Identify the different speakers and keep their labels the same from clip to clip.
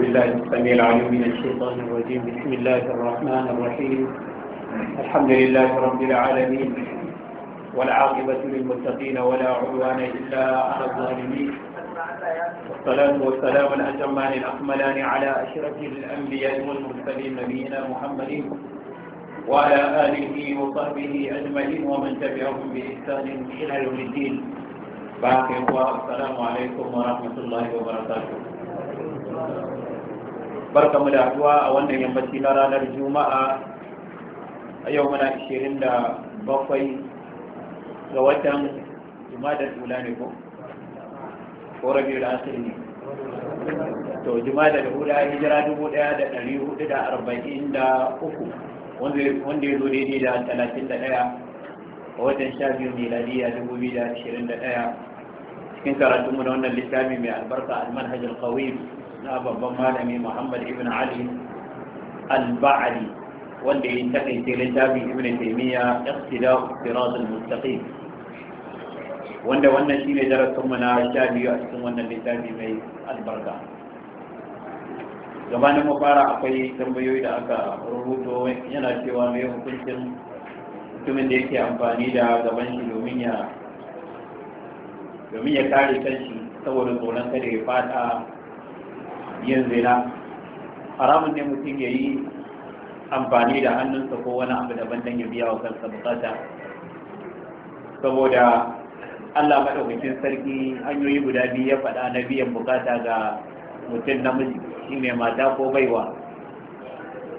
Speaker 1: بالله السميع العليم من الشيطان الرجيم بسم الله الرحمن الرحيم الحمد لله رب العالمين والعاقبة للمتقين ولا عدوان إلا على الظالمين والصلاة والسلام الأتمان الأكملان على أشرف الأنبياء والمرسلين نبينا محمد وعلى آله وصحبه أجمعين ومن تبعهم بإحسان إلى يوم الدين باقي السلام عليكم ورحمة الله وبركاته barka mu da haduwa a wannan yammaci na ranar juma'a a yau muna ishirin da bakwai ga watan jumadar hula ne ko ko rabi da asiri ne to jumadar hula hijira dubu daya da da da dari hudu arba'in uku wanda ya zo daidai da talatin da daya a watan sha biyu miladiya dubu biyu da da ashirin daya cikin karatunmu na wannan littafi mai albarka almanhajar kawai na babban malami muhammad ibn ali al-ba'ali wanda ya takaice littafin ibn taymiya iqtida'u siratal mustaqim wanda wannan shine darasin na sha biyu a cikin wannan littafi mai albarka gabanin mu fara akwai tambayoyi da aka rubuto yana cewa mai hukuncin mutumin da yake amfani da gaban shi domin ya domin ya kare kanshi saboda tsoron kada ya fada yin zina haramun ne mutum ya yi amfani da hannunsa ko wani abu daban don ya biya wa kansa bukata saboda Allah maɗaukacin sarki hanyoyi guda biyu ya faɗa na biyan bukata ga mutum namiji shine mata ko baiwa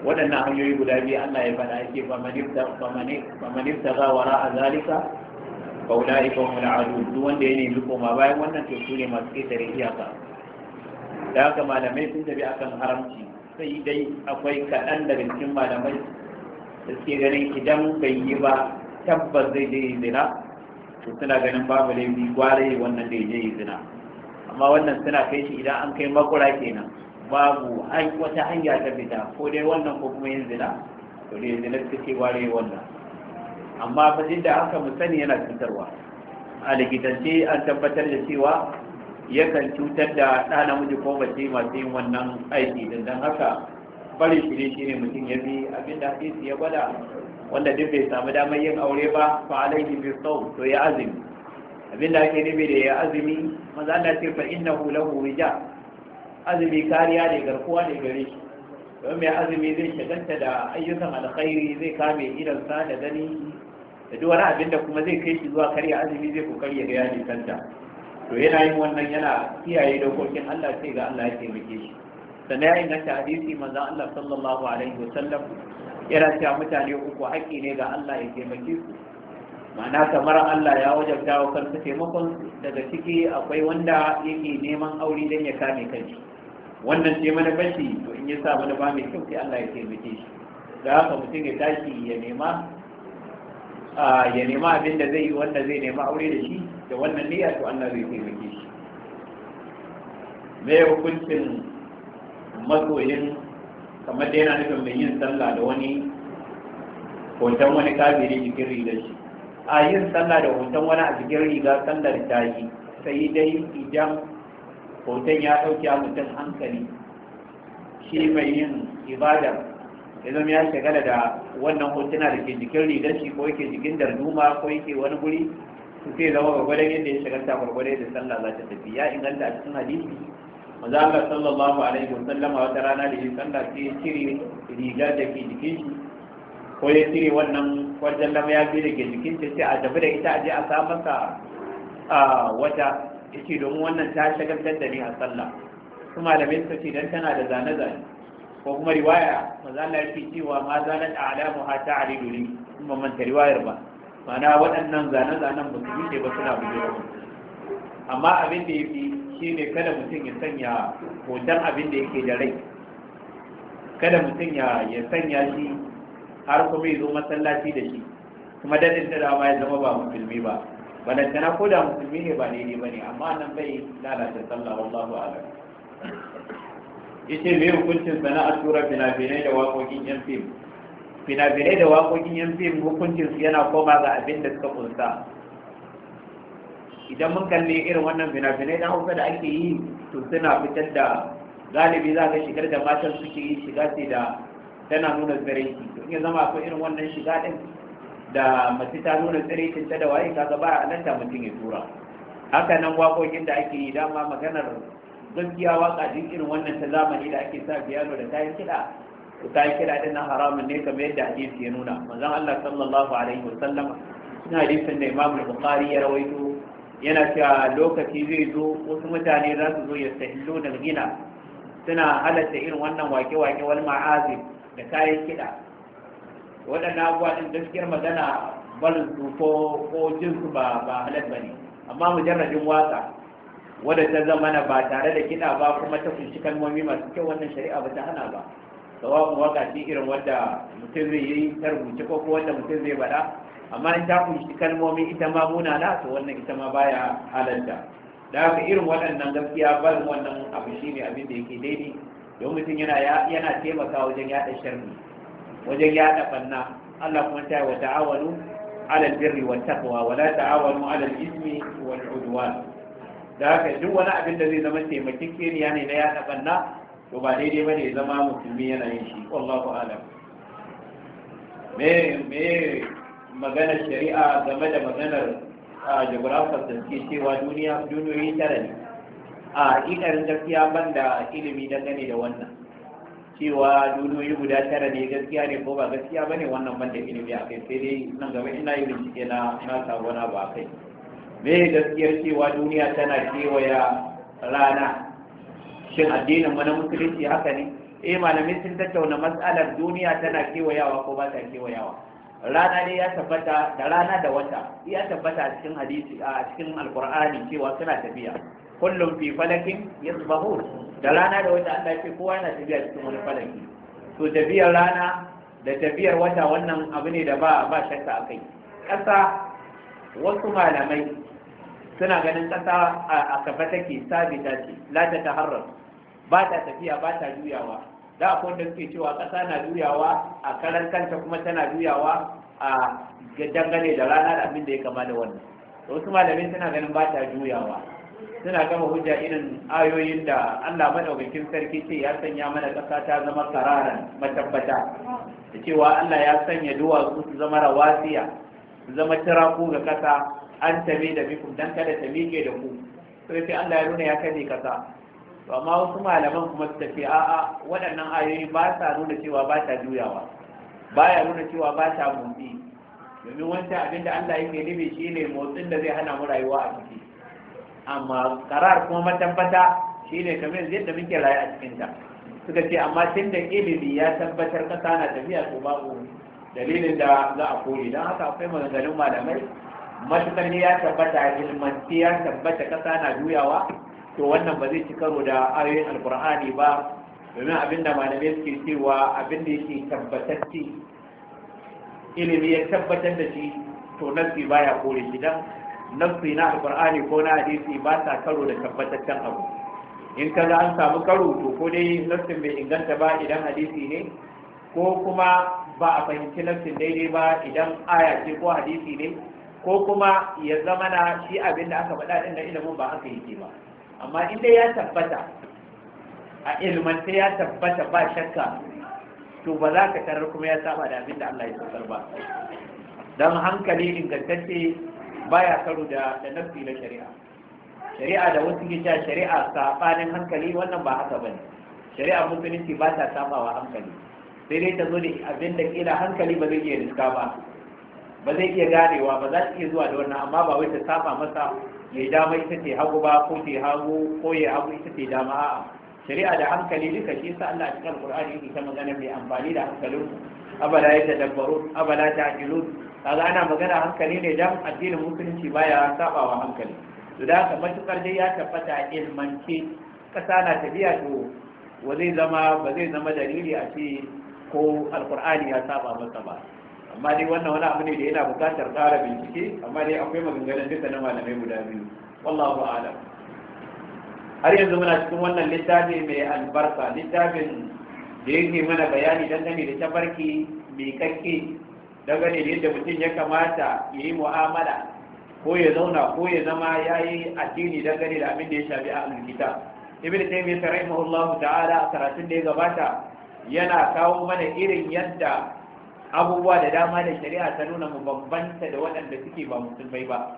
Speaker 1: waɗannan hanyoyi guda biyu Allah ya faɗa ake famanifta ta za wara a zalika faula ikon wani adu duk wanda ya nemi koma bayan wannan to su ne masu ƙetare iyaka da haka malamai sun tafi akan haramci sai dai akwai kaɗan daga cikin malamai da suke ganin idan bai yi ba tabbas zai je zina to suna ganin babu laifi gware wannan da je zina amma wannan suna kai shi idan an kai makura kenan babu wata hanya ta fita ko dai wannan ko kuma yin zina to dai zina suka ce gware wannan amma fa da aka mu sani yana cutarwa a likitance an tabbatar da cewa yakan cutar da ɗa namiji ko mace masu yin wannan aiki din don haka bari shi ne shi ne mutum ya bi abinda hadisi ya gwada wanda duk bai samu damar yin aure ba fa alaihi bi sau to ya azumi abinda ake nufi da ya azumi maza Allah ce fa innahu lahu wija azumi kariya ne garkuwa ne gare shi don mai azumi zai shaganta da ayyukan alkhairi zai kame idansa da gani da duk wani abin da kuma zai kai shi zuwa karya azumi zai kokari ya ga ya kanta to yana yin wannan yana kiyaye dokokin Allah ce ga Allah ya taimake shi sannan ya inganta hadisi manzon Allah sallallahu alaihi Sallam yana cewa mutane uku haƙƙi ne ga Allah ya taimake su ma'ana kamar Allah ya wajabta wa kansa taimakon daga ciki akwai wanda yake neman aure don ya kame kanshi wannan ce mana bashi to in ya sa mana ba mai kyau sai Allah ya taimake shi da haka mutum ya tashi ya nema ya nema abin da zai yi wanda zai nema aure da shi da wannan niyya to Allah zai taimake shi me hukuncin masoyin kamar da yana nufin mai yin sallah da wani hoton wani kafiri jikin rigar shi a yin sallah da hoton wani a jikin riga sallar ta yi sai dai idan hoton ya ɗauke a mutum hankali shi mai yin ibadar ya ya shagala da wannan hotuna da ke jikin rigar shi ko yake jikin darduma ko yake wani guri su sai zama gwagwadon yadda ya shagalta gwagwadon yadda sallah za ta tafi ya inganta a cikin hadisi maza Allah sallallahu alaihi wa sallama wata rana da yin sallah sai ya cire riga da ke jikin shi ko ya cire wannan wajen lama ya da ke jikin shi sai a tafi da ita a je a ka a wata ya ce domin wannan ta shagaltar da ni a sallah kuma da mai suka ce tana da zane-zane ko kuma riwaya Maza Allah yake cewa ma zanat a'lamu ha ta'ridu li kuma man ta riwayar ba mana waɗannan zane zanen ba su yi ba suna bujiro amma abin da yafi shine kada mutum ya sanya hoton abin da yake da rai kada mutum ya sanya shi har kuma ya zo masallaci da shi kuma dadin da dama ya zama ba musulmi ba balantana ko da musulmi ne ba daidai ba ne amma nan bai lalata sallah wallahu a'lam yace me hukuncin a tura finafinai da waƙoƙin yan fim finafinai da waƙoƙin yan fim hukuncin su yana koma ga abin da suka kunsa idan mun kalli irin wannan finafinai na hausa da ake yi to suna fitar da galibi za ka shigar da matan suke yi shiga ce da tana nuna tsiraiki to in ya zama akwai irin wannan shiga din da mace ta nuna tsiraikin ta da waye kaga ba a nan ta mutum ya tura haka nan waƙoƙin da ake yi dama maganar gaskiya waka din irin wannan ta zamani da ake sa biyano da kayan kiɗa kayan kiɗa din na haramun ne kamar yadda hadisi ya nuna manzon Allah sallallahu alaihi wa sallam suna hadisin da Imam Bukhari ya rawaito yana cewa lokaci zai zo wasu mutane za su zo ya sahillo da gina suna halatta irin wannan wake-wake wal ma'azi da kayan kiɗa waɗannan abubuwa din gaskiyar magana barin su ko jinsu ba ba halat ba ne amma mujarradin waka wadda ta zama na ba tare da kina ba kuma ta kunshi kalmomi masu kyau wannan shari'a ba ta hana ba sawa'un waka ce irin wanda mutum zai yi ta rubuce ko ko wanda mutum zai bada amma in ta kunshi kalmomi ita ma muna na to wannan ita ma baya halarta da haka irin waɗannan gaskiya barin wannan abu shi ne abin da yake daidai don mutum yana yana taimaka wajen yaɗa sharri wajen yaɗa banna Allah kuma ta yi wa ta'awanu alal albirri wa taqwa wa la ta'awanu alal ismi wal udwan da haka duk wani abin da zai zama taimakin kiriya ne na yaɗa banna to ba daidai ba ne zama musulmi yana yin shi Allah alam me me maganar shari'a game da maganar a geographer da suke cewa duniya duniyoyi tara ne a ikarin gaskiya ban da ilimi dangane da wannan cewa duniyoyi guda tara ne gaskiya ne ko ba gaskiya ba ne wannan ban da ilimi a kai sai dai nan gaba ina yi bincike na na sabona ba kai me gaskiyar cewa duniya tana kewaya rana shin addinin mana na musulunci haka ne eh malamin sun tattauna matsalar duniya tana kewayawa ko ba ta kewayawa rana ne ya tabbata da rana da wata ya tabbata a cikin hadisi a cikin alqur'ani cewa suna tafiya kullum fi falakin yasbahun da rana da wata Allah ce kowa yana tafiya cikin wani falaki to tafiyar rana da tafiyar wata wannan abu ne da ba ba shakka akai ƙasa wasu malamai suna ganin ƙasa a kafa take sabita ce la ta taharrar ba ta tafiya ba ta juyawa da a wanda suke cewa ƙasa na juyawa a karan kanta kuma tana juyawa a dangane da rana da abin da ya kama da wannan wasu malamin suna ganin ba ta juyawa suna gama hujja irin ayoyin da Allah maɗaukakin sarki ce ya sanya mana ƙasa ta zama kararan matabbata da cewa Allah ya sanya duwatsu su zama rawasiya su zama tiraku ga ƙasa an tabi da bikum dan kada ta miƙe da ku sai sai Allah ya nuna ya kaje kasa to amma wasu malaman kuma su tafi a'a waɗannan ayoyi ba sa nuna cewa ba ta juyawa baya nuna cewa ba ta motsi domin wancan abin Allah yake nufi ne motsin da zai hana mu rayuwa a ciki amma karar kuma matabbata ne kamar yadda muke rayu a cikin ta suka ce amma tun da ilimi ya tabbatar kasa na tafiya ko babu dalilin da za a kore don haka akwai maganganun malamai matukar ne ya tabbata ilmanti ya tabbata kasa na juyawa to wannan ba zai ci karo da ayoyin alkur'ani ba domin abin da malamai suke cewa abin da yake tabbatacce ilimi ya tabbatar da shi to nafsi baya kore shi dan nafsi na alkur'ani ko na hadisi ba sa karo da tabbataccen abu in ka ga an samu karo to ko dai nasin bai inganta ba idan hadisi ne ko kuma ba a fahimci nafsin daidai ba idan aya ce ko hadisi ne ko kuma ya zama na shi abin da aka faɗa ɗin na ilimin ba haka yake ba amma inda ya tabbata a ilmanta ya tabbata ba shakka to ba za ka tarar kuma ya saba da abin da Allah ya saukar ba don hankali ingantacce ba ya karu da nafi na shari'a shari'a da wasu gisha shari'a saɓanin hankali wannan ba haka bane shari'a musulunci ba ta sabawa hankali sai dai ta zo da abin da kila hankali ba zai iya riska ba ba zai iya ganewa ba za ta iya zuwa da wannan amma ba wai ta saba masa ya dama ita ce hagu ba ko ce hagu ko ya hagu ita ce dama a'a shari'a da hankali duka shi yasa Allah a cikin Qur'ani yake ta magana mai amfani da hankalin abada ya tadabbaru ta ajilu kaga ana magana hankali ne dan addinin musulunci baya sabawa hankali to da haka matukar dai ya tabbata ilmance kasa na tafiya to wa zai zama ba zai zama dalili a ce ko alqur'ani ya saba masa ba amma dai wannan wani abu ne da yana bukatar ƙara bincike amma dai akwai maganganun duka na malamai guda biyu wallahu a'lam har yanzu muna cikin wannan littafi mai albarka littafin da yake mana bayani dangane da tafarki mai kakke dangane da yadda mutum ya kamata ya yi mu'amala ko ya zauna ko ya zama ya yi addini dangane da abin da ya shafi a alkita ibnu taymiyyah rahimahullahu ta'ala a karatun da ya gabata yana kawo mana irin yadda abubuwa da dama da shari'a ta nuna mu bambanta da waɗanda suke ba musulmai ba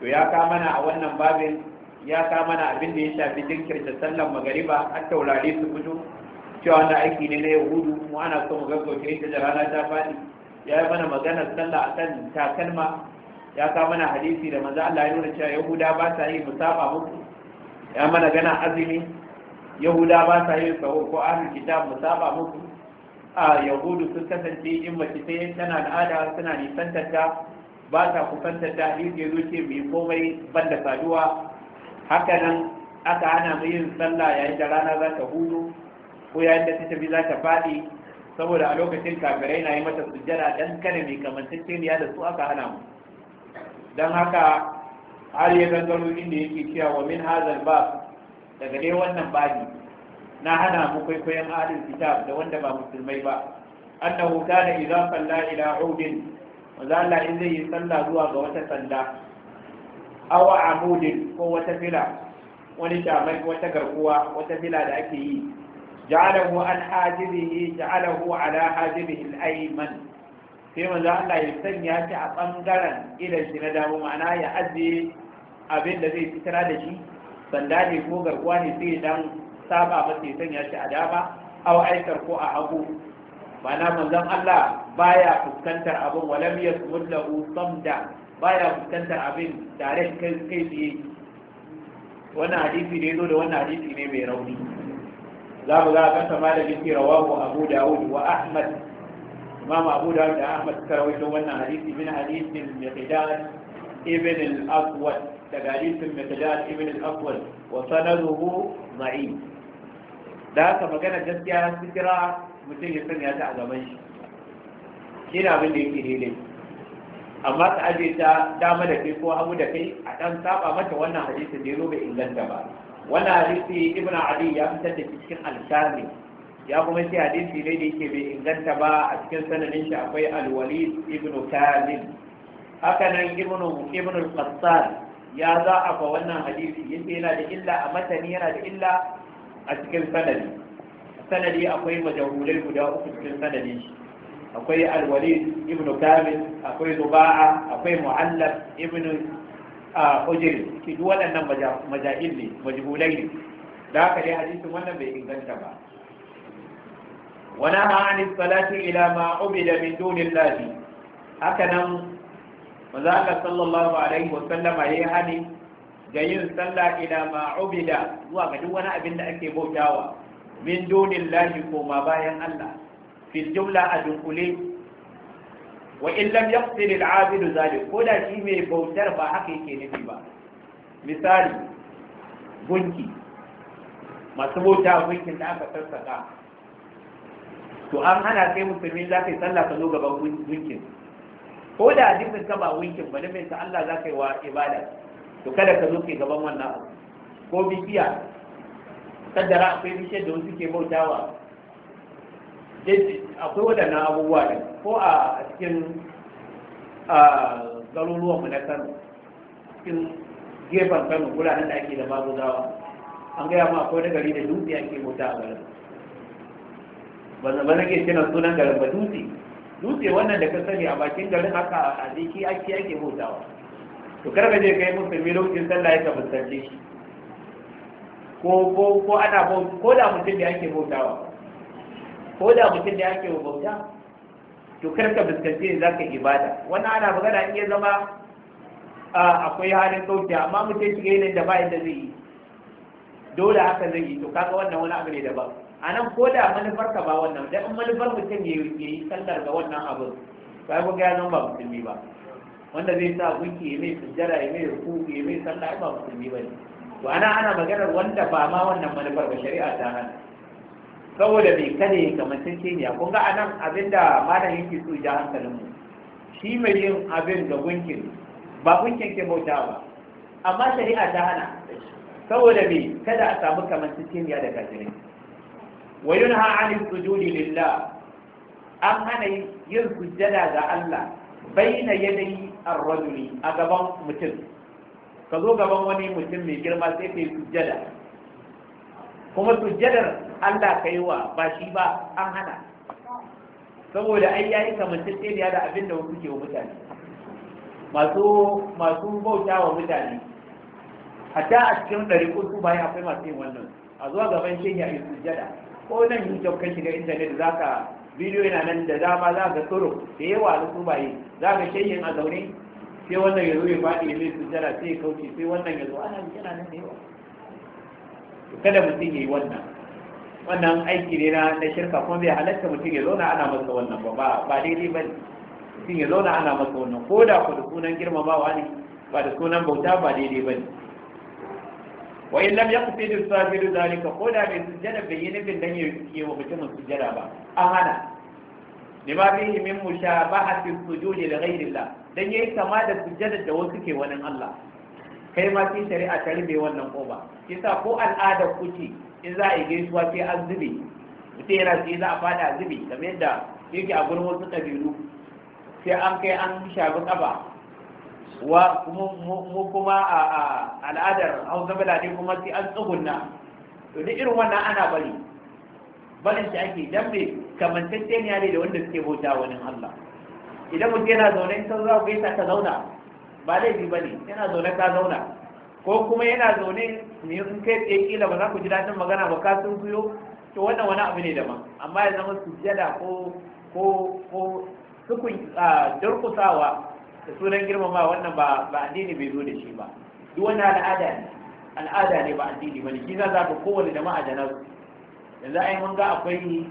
Speaker 1: to ya ka mana a wannan babin ya ka mana abin da ya shafi jinkirta sallan magariba har taurari su fito cewa wanda aiki ne na yahudu mu ana so mu gaggauta ita da rana ta faɗi ya yi mana maganar sallah akan takalma ya ka mana hadisi da maza Allah ya nuna cewa yahuda ba sa yi musaba muku ya mana gana azumi yahuda ba sa yi sahur ko ahlul kitab musaba muku a yahudu sun kasance in mace sai tana al'ada suna nisantar ta ba ta kusantar ta hadisi ya zo ce mai komai banda saduwa haka nan aka hana mu yin sallah yayin da rana za ta hudu ko yayin da ta tafi za ta faɗi saboda a lokacin kafirai na yi mata sujjada dan kare mai kamanceceniya da su aka hana mu dan haka har ya gangaro inda yake cewa wa min hazal ba daga dai wannan babi na hana mu kwaikwayon ahlul kitab da wanda ba musulmai ba annahu kana idza salla ila udin wa zalla in zai yi sallah zuwa ga wata sanda awa amudin ko wata fila wani shamai wata garkuwa wata fila da ake yi ja'alahu an hajibihi ja'alahu ala hajibihi al-ayman sai manzo Allah ya sanya shi a bangaren idan shi na damu ma'ana ya ajiye abin da zai fitara da shi sanda ne ko garkuwa ne sai dan saba masa ya sanya shi a dama aw aikar ko a hagu ma'ana manzon Allah baya fuskantar abin walam yasmud lahu samda baya fuskantar abin tare kai kai tsaye wannan hadisi ne zo da wannan hadisi ne mai rauni za mu za a kasa ma da jiki rawahu abu dawud wa ahmad imam abu dawud da ahmad suka rawaito wannan hadisi min hadisin miqdad ibn al-aswad daga hadisin miqdad ibn al-aswad wa sanaduhu da'if da haka magana gaskiya kira mutum ya sanya ta a gaban shi shi na abin da yake daidai amma ta aje ta dama da kai ko hagu da kai a ɗan saba mata wannan hadisi da ya zo inganta ba wannan hadisi ibn ali ya fitar da cikin alkali ya kuma shi hadisi ne da yake bai inganta ba a cikin sanadin shi akwai alwalid ibn kalib haka nan ibn ibn al-qattan ya za a fa wannan hadisi yace yana da illa a matani yana da illa a cikin sanadi sanadi akwai majahulai guda uku cikin sanadi akwai alwalid ibnu kamil akwai Zuba'a, akwai mu'allaf ibnu ujri ki duk waɗannan majahil ne majhulai ne da haka dai hadisin wannan bai inganta ba Wani ma an salati ila ma ubida min dunillahi haka nan manzo Allah sallallahu alaihi wa ya yi hani ga yin sallah ila ma ubida zuwa ga duk wani abin da ake bautawa min dunillahi ko koma bayan Allah fil jumla a dunkule wa in lam yaqtil al-abid zalik ko da shi mai bautar ba haka yake nufi ba misali gunki masu bauta gunkin da aka sassaka to an hana sai musulmi za ka yi sallah ka zo gaban gunkin ko da hadisin ka ba gunkin ba nufin Allah za ka yi wa ibada to kada ka zo ke gaban wannan abu ko kada ra akwai bishiyar da wasu ke bautawa akwai waɗannan abubuwa ne ko a cikin mu na kano cikin gefen kano guraren da ake da maguzawa an gaya ma akwai nagari da dutse ake bauta a garin ba na ke cina sunan garin ba dutse dutse wannan da ka sani a bakin garin haka a jiki ake ake bautawa to kar ka je kai musulmi lokacin sallah ya tabbatacce shi ko ko ko ana ko da mutum da yake bautawa ko da mutum da yake bauta to kar ka fuskanci za ka ibada wannan ana magana iya zama akwai halin kauce amma mutum shiga yanayin da ba yadda zai yi dole haka zai yi to kaga wannan wani abu ne daban a nan ko da manufar ka ba wannan dan manufar mutum ya yi sallar ga wannan abin ba ga ya zama ba musulmi ba wanda zai sa gunki ya mai sujjara mai ruku mai sallah ba musulmi bane to ana ana maganar wanda ba ma wannan manufar ba shari'a ta hana saboda bai kada ya kamantacce ne kun ga anan abinda malam yake so ja hankalin mu shi mai yin abin ga gunkin ba gunkin ke bauta ba amma shari'a ta hana saboda me kada a samu kamar kamantacce da kafirai wa ha'ani anil sujudi lillah an hana yin sujjada ga Allah baina yadai ar-rajuli a gaban mutum ka zo gaban wani mutum mai girma sai kai sujjada kuma sujjadar Allah ka yi wa ba shi ba an hana saboda ai yayi kamantacce da abin da wasu ke wa mutane masu masu bauta wa mutane hatta a cikin ɗari uku bayan akwai masu yin wannan a zuwa gaban shehi a sujjada ko nan yi kan shiga intanet za ka bidiyo yana nan da dama za ka tsoro da yawa na su baye za ka shayyan a zaune sai wannan ya zo ya faɗi mai sujjara sai ya kauce sai wannan ya zo ana yana nan ne yawa kada mutum ya yi wannan wannan aiki ne na na shirka kuma bai halatta mutum ya zauna ana masa wannan ba ba daidai ba ne. mutum ya zauna ana masa wannan ko da ku da sunan girmamawa ne ba da sunan bauta ba daidai ba ne wa in lam yaqsid as-sajid zalika ko da bai sujjada bai bin nufin dan yi wa mutumin sujjada ba an hana lima fihi min mushabahati sujudi li ghayrillah dan yayi kama da sujjada da wasu ke wani Allah kai ma a shari'a ta rube wannan koba kisa ko al'adar Kuki in za a yi gaisuwa sai an zube mutum yana sai za a zube kamar yadda yake a gurin wasu kabilu sai an kai an shafi kafa mu kuma a al'adar hausa balade kuma sai an tsugunna to irin wannan ana bari barin shi ake dambe kamantacce ne da wanda suke bauta wani Allah idan mutum yana zaune sun za ku yi ta zauna ba laifi ba ne yana zaune ta zauna ko kuma yana zaune ne sun kai tsaye kila ba za ku ji daɗin magana ba ka sun kuyo to wannan wani abu ne ma amma ya zama jada ko ko ko sukun durkusawa da sunan girmama wannan ba ba addini bai zo da shi ba duk wani al'ada ne al'ada ne ba addini ba ne kisa za ka kowane jama'a da nasu yanzu ai mun ga akwai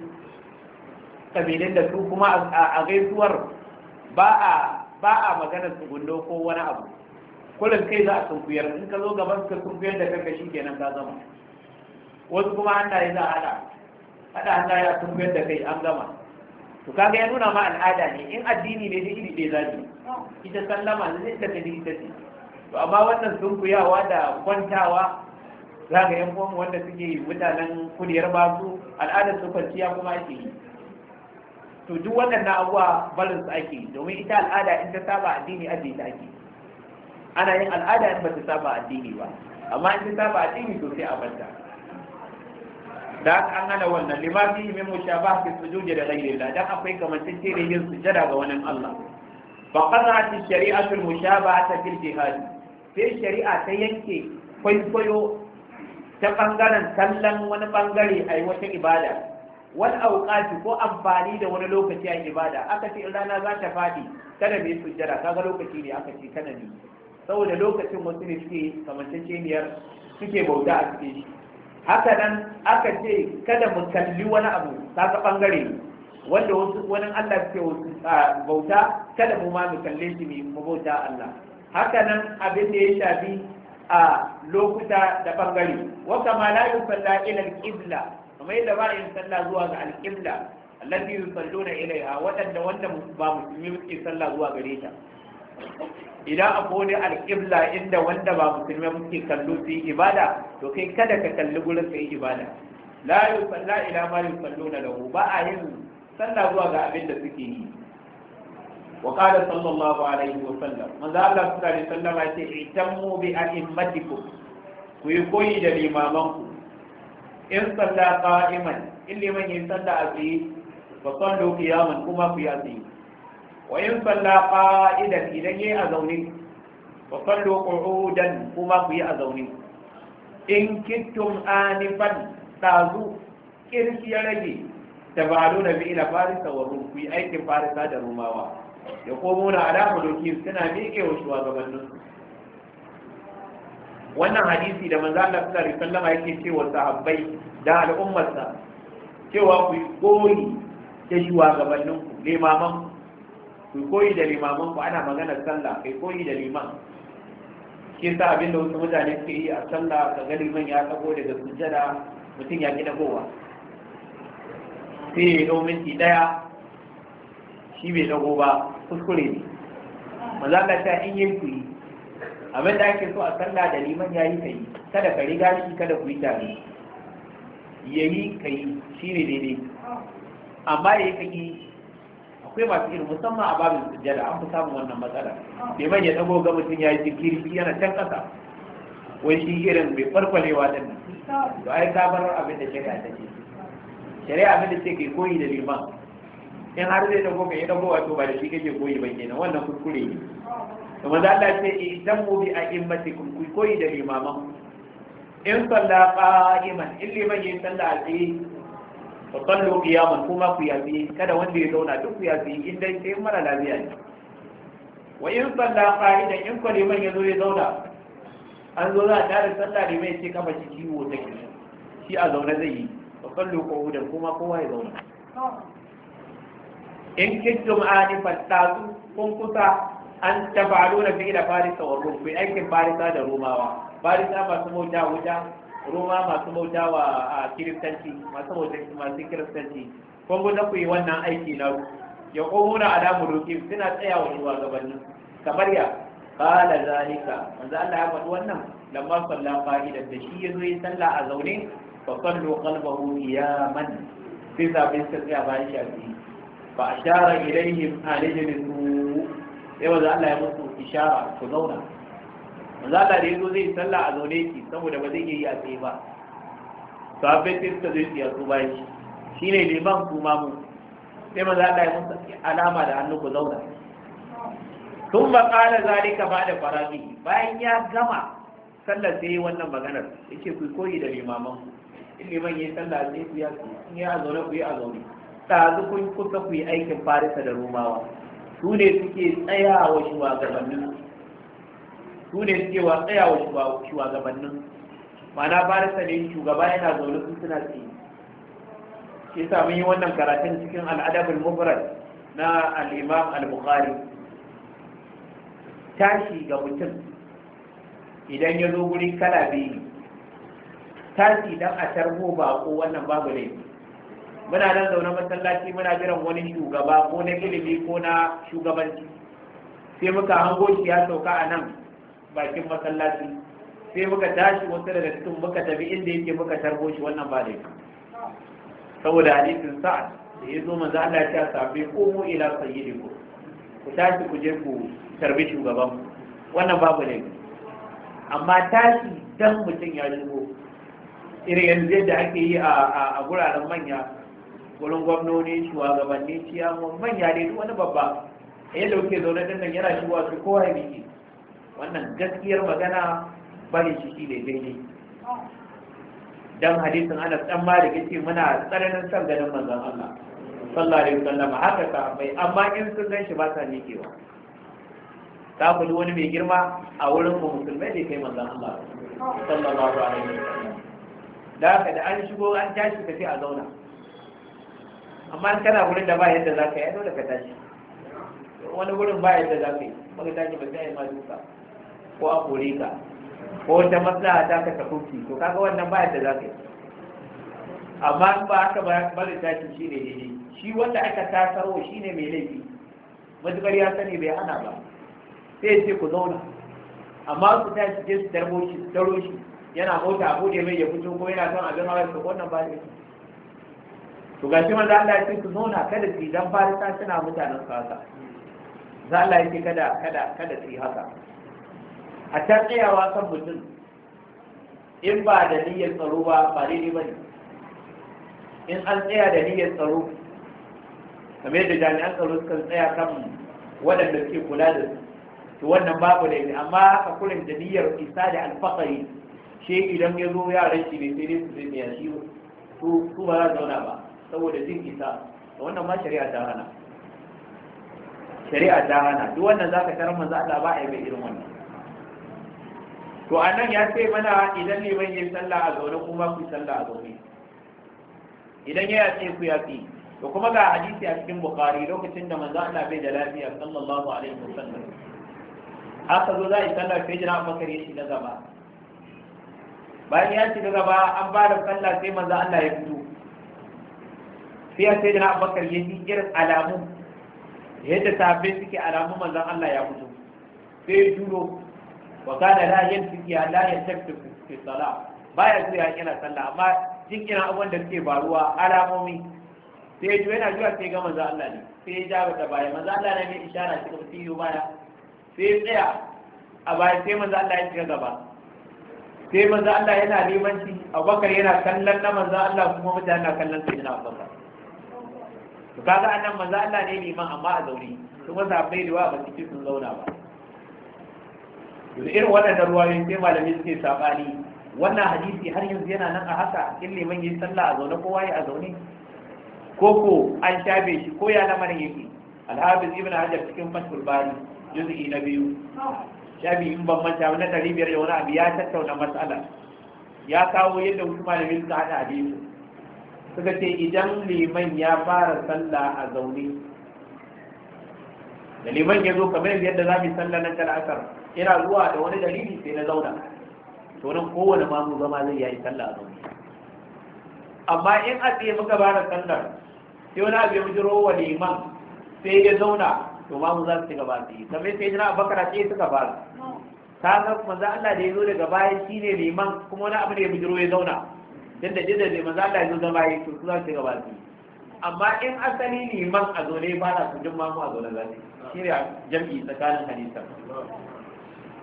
Speaker 1: kabilan da su kuma a gaisuwar ba a ba a maganar tsugundo ko wani abu kullum kai za a sunkuyar in ka zo gaban ka sunkuyar da kanka shi kenan ka zama wasu kuma hannaye za a hada hada hannaye a sunkuyar da kai an gama to kaga ya nuna ma al'ada ne in addini ne dai dai za zaji ita sallama ne da ta ita ce to amma wannan sunkuyawa da kwantawa za ga yan uwanmu wanda suke mutanen kuliyar basu al'adar su kwanciya kuma ake yi to duk waɗannan abuwa barin su ake yi domin ita al'ada in ta saba addini aje ta ake ana yin al'ada in ba ta saba addini ba amma in ta saba addini to sai a banta da haka an hana wannan limafi min ke fi sujudi da ghayrillah dan akwai kamantacce da yin sujada ga wani Allah فقرأت الشريعة المشابهة في الجهاد Sai shari'a ta yanke kwaikwayo. ta ɓangaren kallon wani ɓangare a yi wata ibada wani auƙaci ko amfani da wani lokaci a ibada aka ce rana za ta faɗi kada mai sujjada kaga lokaci ne aka ce kana ne saboda lokacin wasu ne suke kamantaceniyar suke bauta a cikin shi haka nan aka ce kada mu kalli wani abu kaga ɓangare wanda wasu wani Allah suke bauta kada mu ma mu kalle shi mu bauta Allah haka nan abin da ya shafi a lokuta da bangare wa kama la yusalla ila al-qibla kuma yadda ba yin sallah zuwa ga al-qibla allati yusalluna ilaiha wadanda wanda ba musulmi suke sallah zuwa gare ta idan akwai wani al-qibla inda wanda ba musulmi suke kallo su yi ibada to kai kada ka kalli gurin sai yi ibada la yusalla ila ma yusalluna lahu ba a yin sallah zuwa ga abin da suke yi wa qala sallallahu alaihi wa sallam manzo Allah sallallahu alaihi wa sallam ya ce itammu bi ku yi koyi da limamanku in salla qa'iman in liman yin salla a tsaye fa sallu qiyaman kuma ku yi a wa in salla qa'idan idan yayi a zaune fa sallu qu'udan kuma ku yi a in ya rage dabaru bi ku yi aikin farisa da rumawa ya komo na alamu doki suna miƙe wa shugabannin wannan hadisi da manzo Allah sallallahu alaihi wasallam yake cewa sahabbai da al'ummarsa cewa ku koyi da shugabannin ku limaman ku koyi da limaman ku ana magana sallah kai koyi da liman ke sa abin da wasu mutane suke yi a sallah ka ga liman ya tsago daga sujjada mutum ya gina kowa sai ya yi minti daya shi bai dago ba kuskure ne maza Allah sha in yin ku yi abin da ake so a sallah da liman ya yi ka yi kada ka riga shi kada ku yi tare ya yi ka yi shi ne daidai amma ya yi ka yi akwai masu irin musamman a babin sujjada an fi samun wannan matsala liman ya dago ga mutum ya yi shi yana can kasa wai shi irin bai farkwalewa din nan to ai sabar abin da shari'a ta ce shari'a abin da ce ke koyi da liman in har zai dago ka yi dago wato ba da shi kake koyi ba kenan wannan kuskure ne to manzo Allah ce idan mu bi kun ku koyi da limaman in salla qa'iman illi man yi salla a tsaye fa sallu qiyaman kuma ku yafi kada wanda ya zauna duk ku yafi in dai sai mara lafiya ne wa in salla qa'idan in ku liman ya zo ya zauna an zo za a tare sallah ne mai ce kafa shi ciwo take shi a zaune zai yi fa sallu qa'udan kuma kowa ya zauna in kintum anifan tazu kun kusa an tafaru na da farisa wa rum ku aikin farisa da rumawa. farisa masu mota wuta roma masu mota wa kiristanci masu bauta masu kiristanci kun kusa ku yi wannan aiki na ya ƙomuna ala muruki suna tsaya wa ruwa gabanin kamar ya kala zalika manzo Allah ya faɗi wannan lamar sallan qa'ida da shi ya zo yi sallah a zaune fa sallu qalbahu qiyaman sai zabin sirri a bayan shi ba a shara ilaihim alijin su sai wanda Allah ya musu ishara ku zauna manzo Allah da yazo zai sallah a zaune shi saboda ba zai yi a tsaye ba sahabbai sai suka zai tsaya su bayan shi shine liman ku ma mu sai manzo Allah ya musu alama da hannu ku zauna Tun ba kala zalika ba da faraji bayan ya gama sallar sai yi wannan maganar yake ku koyi da limaman in liman yayi sallah sai ku ya ku ya zaune ku ya zaune ɗazu kun kusa ku yi aikin farisa da romawa su ne suke tsayawa shugabannin su ne suke wa tsayawa shugabannin mana farisa ne shugaba yana zaune su suna ce shi sami yi wannan karatun cikin al'adabin mubarak na al'imam al-bukhari tashi ga mutum idan ya zo guri kala biyu tashi dan a tarbo bako wannan babu laifi muna nan zaune masallaci muna jiran wani shugaba ko na ilimi ko na shugabanci sai muka hango shi ya sauka a nan bakin masallaci sai muka tashi wasu daga cikin muka tafi inda yake muka tarbo shi wannan ba dai. saboda hadisin sa'ad da ya zo manzo Allah ya ce ko mu ila sayyidikum ku tashi ku je ku tarbi shugaban wannan babu ne. amma tashi dan mutum ya zo irin yanzu yadda ake yi a guraren manya wurin gwamnoni shugabanni ciyamun manya ne wani babba yadda wuke zaune din nan yana shigowa su kowa ya biki wannan gaskiyar magana bari shi shi ne daidai dan hadisin Anas dan Malik yace muna tsananin san ganin manzon Allah sallallahu alaihi wasallam haka ta bai amma in sun ganshi shi ba sa mikewa ta kuli wani mai girma a wurin mu musulmai da kai manzon Allah sallallahu alaihi wasallam da haka da an shigo an tashi tafi a zauna amma kana wurin da ba yadda za ka yi dole ka tashi wani wurin ba yadda za ka yi baka tashi ba sai ma duka ko a kore ka ko wata maslaha ta ka tafi to kaga wannan ba yadda za ka yi amma in ba haka ba da tashi shi ne dai shi wanda aka tasarwa shi ne mai laifi matukar ya sani bai hana ba sai ce ku zauna amma su shi je su tarbo shi shi yana mota a bude mai ya fito ko yana son abin hawa ko wannan ba ne to gashi manzo Allah ya ce su zauna kada su dan farisa suna mutanen su haka za Allah ya ce kada kada kada su haka a ta tsayawa kan mutum in ba da niyyar tsaro ba ba daidai ne. in an tsaya da niyyar tsaro kamar yadda jami'an tsaro suka tsaya kan waɗanda suke kula da su to wannan babu laifi amma a kurin da niyyar isa da alfakari shi idan ya zo ya shi ne sai dai su zai yashi shi su ba za zauna ba saboda jin isa wannan ma shari'a ta hana shari'a ta hana duk wannan zaka tarar manzo Allah ba a yi irin wannan to anan ya ce mana idan ne liman yi sallah a zaune kuma ku sallah a zaune idan ya ce ku ya fi, to kuma ga hadisi a cikin bukhari lokacin da manzo Allah bai da lafiya sallallahu alaihi wasallam aka zo za a yi sallah sai jira Abubakar ya na gaba bayan ya shiga gaba an ba da sallah sai manzo Allah ya sai sai da abubakar ya ji irin alamu yadda sahabbai suke alamun manzan Allah ya fito sai ya juro wa kana la yantiqi la yantiqi fi salat baya zuwa kina sallah amma jin kina abin da suke faruwa alamomi sai ya yana zuwa sai ga manzan Allah ne sai ya ja da baya manzan Allah ne mai ishara shi kuma tiyo baya sai ya tsaya a baya sai manzan Allah ya shiga gaba sai manzan Allah yana neman shi Abubakar yana kallon na manzan Allah kuma mutane na kallon sai na Abubakar to kaga annan manzo Allah ne liman amma a zaune kuma bai da ba su sun zauna ba yanzu irin ruwa yin sai malami suke sabani wannan hadisi har yanzu yana nan a haka in liman yin sallah a zaune kowa ya a zaune ko ko an shafe shi ko ya lamarin yake alhafiz ibn hajar cikin fatul bari juz'i na biyu shafi in ban manta na ɗari biyar da wani abu ya tattauna matsala ya kawo yadda wasu malamai suka haɗa hadisi suka ce idan liman ya fara sallah a zaune da liman ya zo kamar yadda za mu sallah nan kala asar ina zuwa da wani dalili sai na zauna to nan kowane mamu zama zai yi sallah a zaune amma in a tsaye muka fara sallar sai wani abu ya jiro wa liman sai ya zauna to mamu za su ci gaba su yi kamar sai jira abakar ce suka fara ta ga manzo Allah da ya zo daga baya shine liman kuma wani abu ne ya jiro ya zauna dan da jidda bai maza Allah ya zama yi to su za su gaba su amma in asali ne man a zo ne ba na su jin mamu a zo na zai shi ne jam'i tsakanin hadisa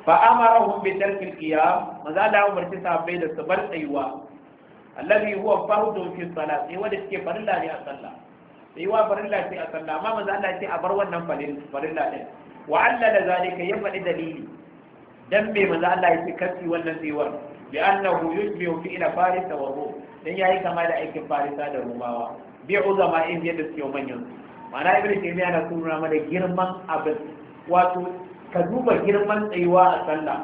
Speaker 1: fa hum bi tarkil qiyam maza Allah ya umarci sahabbai da su bar tsayuwa allazi huwa fardun fi salat sai wanda suke farilla ne a sallah sai wa farilla ce a sallah amma maza Allah ya ce a bar wannan farilla din wa allala zalika yamma faɗi dalili dan me maza Allah ya ce kasi wannan tsayuwar bi annahu yujmi'u fi ila faris wa rum dan yi kama da aikin farisa da rumawa bi uzama in da suke manyan ma'ana ibnu taymiya na sunna da girman abin wato ka duba girman tsayuwa a sallah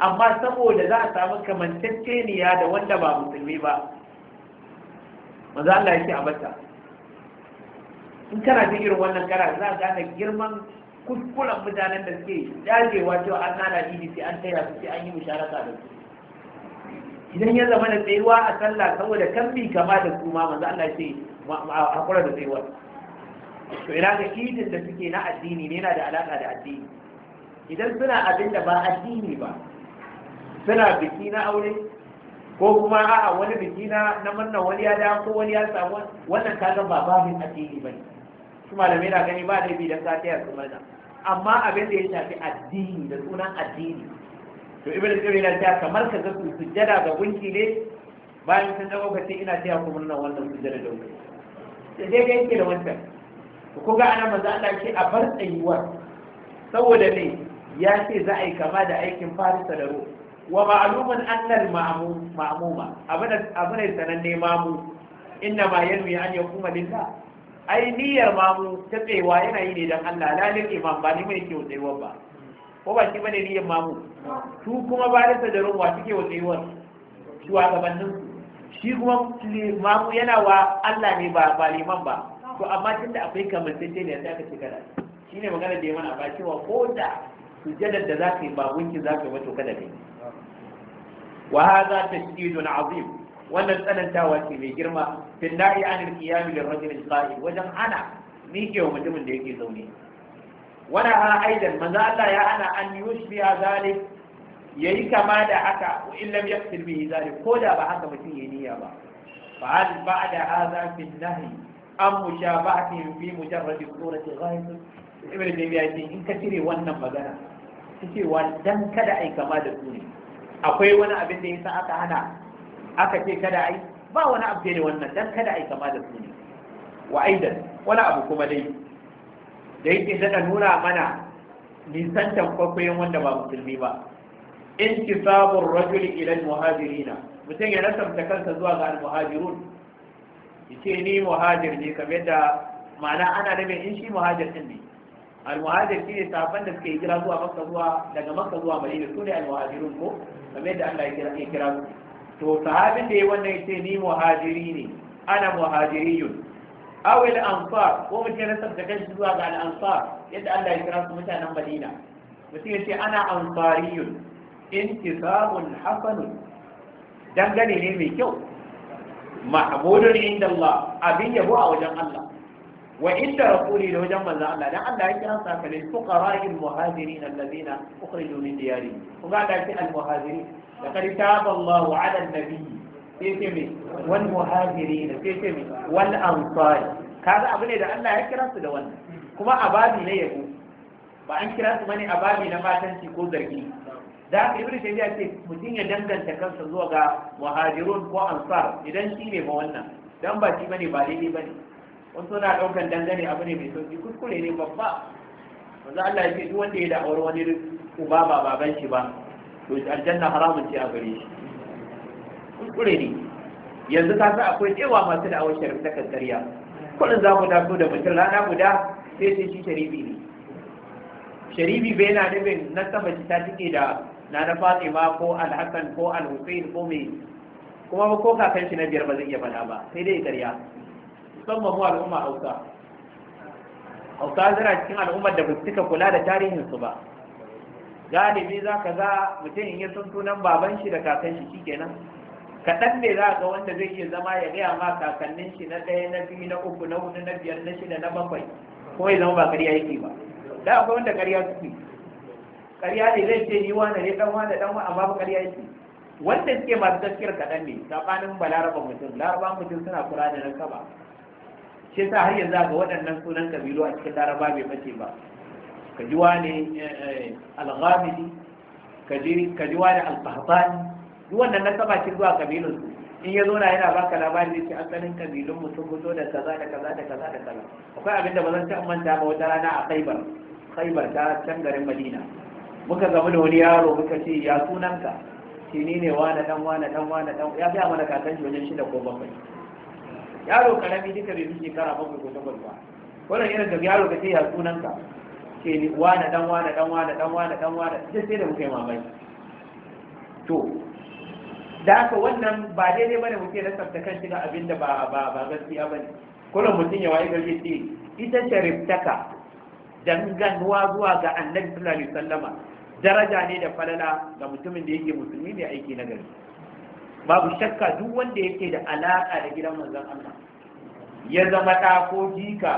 Speaker 1: amma saboda za a samu kamanceceniya da wanda ba musulmi ba manzo Allah yake a bata in kana jin irin wannan kara za ka gane girman kuskuren mutanen da suke dajewa cewa an nana idi sai an taya su sai an yi musharaka da su idan ya zama da tsayuwa a sallah saboda kan bi kama da kuma manzo Allah ce hakura da tsayuwa to ina ga idin da suke na addini ne yana da alaka da addini idan suna abin da ba addini ba suna biki na aure ko kuma a'a wani biki na na manna wani ya da ko wani ya samu wannan kaga ba babin addini bane su malamai na gani ba da bi dan ka tayar su amma abin da ya shafi addini da sunan addini to ibn qayyim yana cewa kamar ka ga sujjada ga gunki ne bayan sun dago ka ce ina taya ku murna wannan sujjada da gunki sai dai yake da wancan ko ga ana manzo Allah ce a bar tsayuwar saboda ne ya ce za a yi kama da aikin farisa da ro wa ma'lumun annal ma'muma abin da sananne mamu inna ma yanwi an yakuma lillah ai niyyar mamu ta tsayuwa yana yi ne dan Allah lalil imam ba ni mai kyau tsayuwa ba ko ba shi bane niyyar mamu su kuma ba da sadarin wa suke wa tsayuwar gabanin shi kuma mamu yana wa Allah ne ba ba liman ba to amma tun da akwai kamantacce da yanzu aka ce kada shi ne magana da ya a ba cewa ko da sujjadar da za ka yi babunki za ka yi mato kada ne wa hadha tashdidun azim wannan tsanantawa ce mai girma fil nahi anil qiyam lil rajul qa'id wajen ana wa mutumin da yake zaune wani ha aidan manzo Allah ya hana an yushbi zalik yi kama da haka wa illam yaqtil yi zalik ko da ba haka mutum yayi niyya ba fa hal ba'da hadha fi nahi am mushabahatihim fi mujarrad surati ghaib ibn taymiya yace in ka cire wannan magana kace wa dan kada ai kama da su ne akwai wani abin da yasa aka hana aka ce kada ai ba wani abu da wannan dan kada ai kama da su ne wa aidan wani abu kuma dai da yake daɗa nuna mana nisantan kwaikwayon wanda ba musulmi ba in ki sabon rajuli ilan muhajirina mutum ya nasarta kansa zuwa ga almuhajirun ce ni muhajir ne kamar da ma'ana ana da in shi muhajir din ne almuhajir shi ne sahabban da suke kira zuwa maka zuwa daga maka zuwa madina su ne almuhajirun ko kamar da Allah ya kira su to sahabin da ya wannan ce ni muhajiri ne ana muhajiriyun awil ansar ko mutum ya nasabta kanshi zuwa ga al yadda Allah ya kira su mutanen Madina mutum ya ce ana ansariyun intisabun hasanun dangane ne mai kyau mahmudun inda Allah abin yabo a wajen Allah wa inda rasuli da wajen manzon Allah dan Allah ya kira su haka lil fuqara'il muhajirin alladhina ukhriju min diyarihim kuma da ce al muhajirin laqad taba Allahu 'ala an-nabiy sai ce me wal muhajirin sai ce wal ansari kaga abu ne da Allah ya kira su da wannan kuma a babi na yabo ba an kira su bane a babi na matanci ko zargi da haka ibnu taymiya ce mutum ya danganta kansa zuwa ga muhajirun ko ansar idan shi ne ba wannan dan ba shi bane ba daidai bane wasu na daukan dangane abu ne mai sauki kuskure ne babba wanda Allah ya ce duk wanda ya da'awar wani uba ba baban shi ba to aljanna haramun ce a gare shi kuskure ne yanzu ka sa akwai tsewa masu da awon sharif ta kankariya kullum za ku taso da mutum rana guda sai sai shi sharifi ne sharifi bai na nufin na sama ta cike da na na fatima ko alhassan ko alhussein ko mai kuma ba ko kakan shi na biyar ba zai iya faɗa ba sai dai ƙarya musamman mu al'umma hausa hausa zira cikin al'ummar da ba su kula da tarihinsu ba galibi za ka za mutum in yi sun sunan baban shi da kakan shi kenan kaɗan ne za ga wanda zai iya zama ya gaya ma kakannin shi na ɗaya na biyu na uku na hudu na biyar na shida na bakwai kuma ya zama ba ƙarya yake ba da akwai wanda ƙarya suke ƙarya ne zai ce ni wani ne ɗan wani ɗan wani amma ba ƙarya yake wanda suke masu gaskiyar kaɗan ne tsakanin ba laraba mutum laraba mutum suna kura da nan kaba shi sa har yanzu ga waɗannan sunan kabilu a cikin laraba bai bace ba ka ji wani eh, eh, alghamidi ka ji wani alfahbani duk wannan nasaba ce zuwa kabilun su in ya zona yana baka labari zai ce asalin kabilun mu sun fito da kaza da kaza da kaza da kaza akwai abin da ba zan taɓa manta ba wata rana a Khaibar Khaibar ta can garin Madina muka zama da wani yaro muka ce ya sunanka shi ni ne wani dan wane dan wane dan ya ga mana kakan shi wajen shida ko bakwai yaro karami duka bai fi shekara bakwai ko takwas ba wannan irin da yaro ka ce ya sunanka ce ni wani dan wane dan wane dan wane dan wani sai da muka yi mamaki to da haka wannan ba daidai bane mutum ya nasabta kan cikin abin da ba ba ba gaskiya bane kullum mutum ya wayi gari ce ita shariftaka danganuwa zuwa ga annabi sallallahu alaihi wasallama daraja ne da falala ga mutumin da yake musulmi mai aiki na gari babu shakka duk wanda yake da alaka da gidan manzon Allah ya zama ɗa ko jika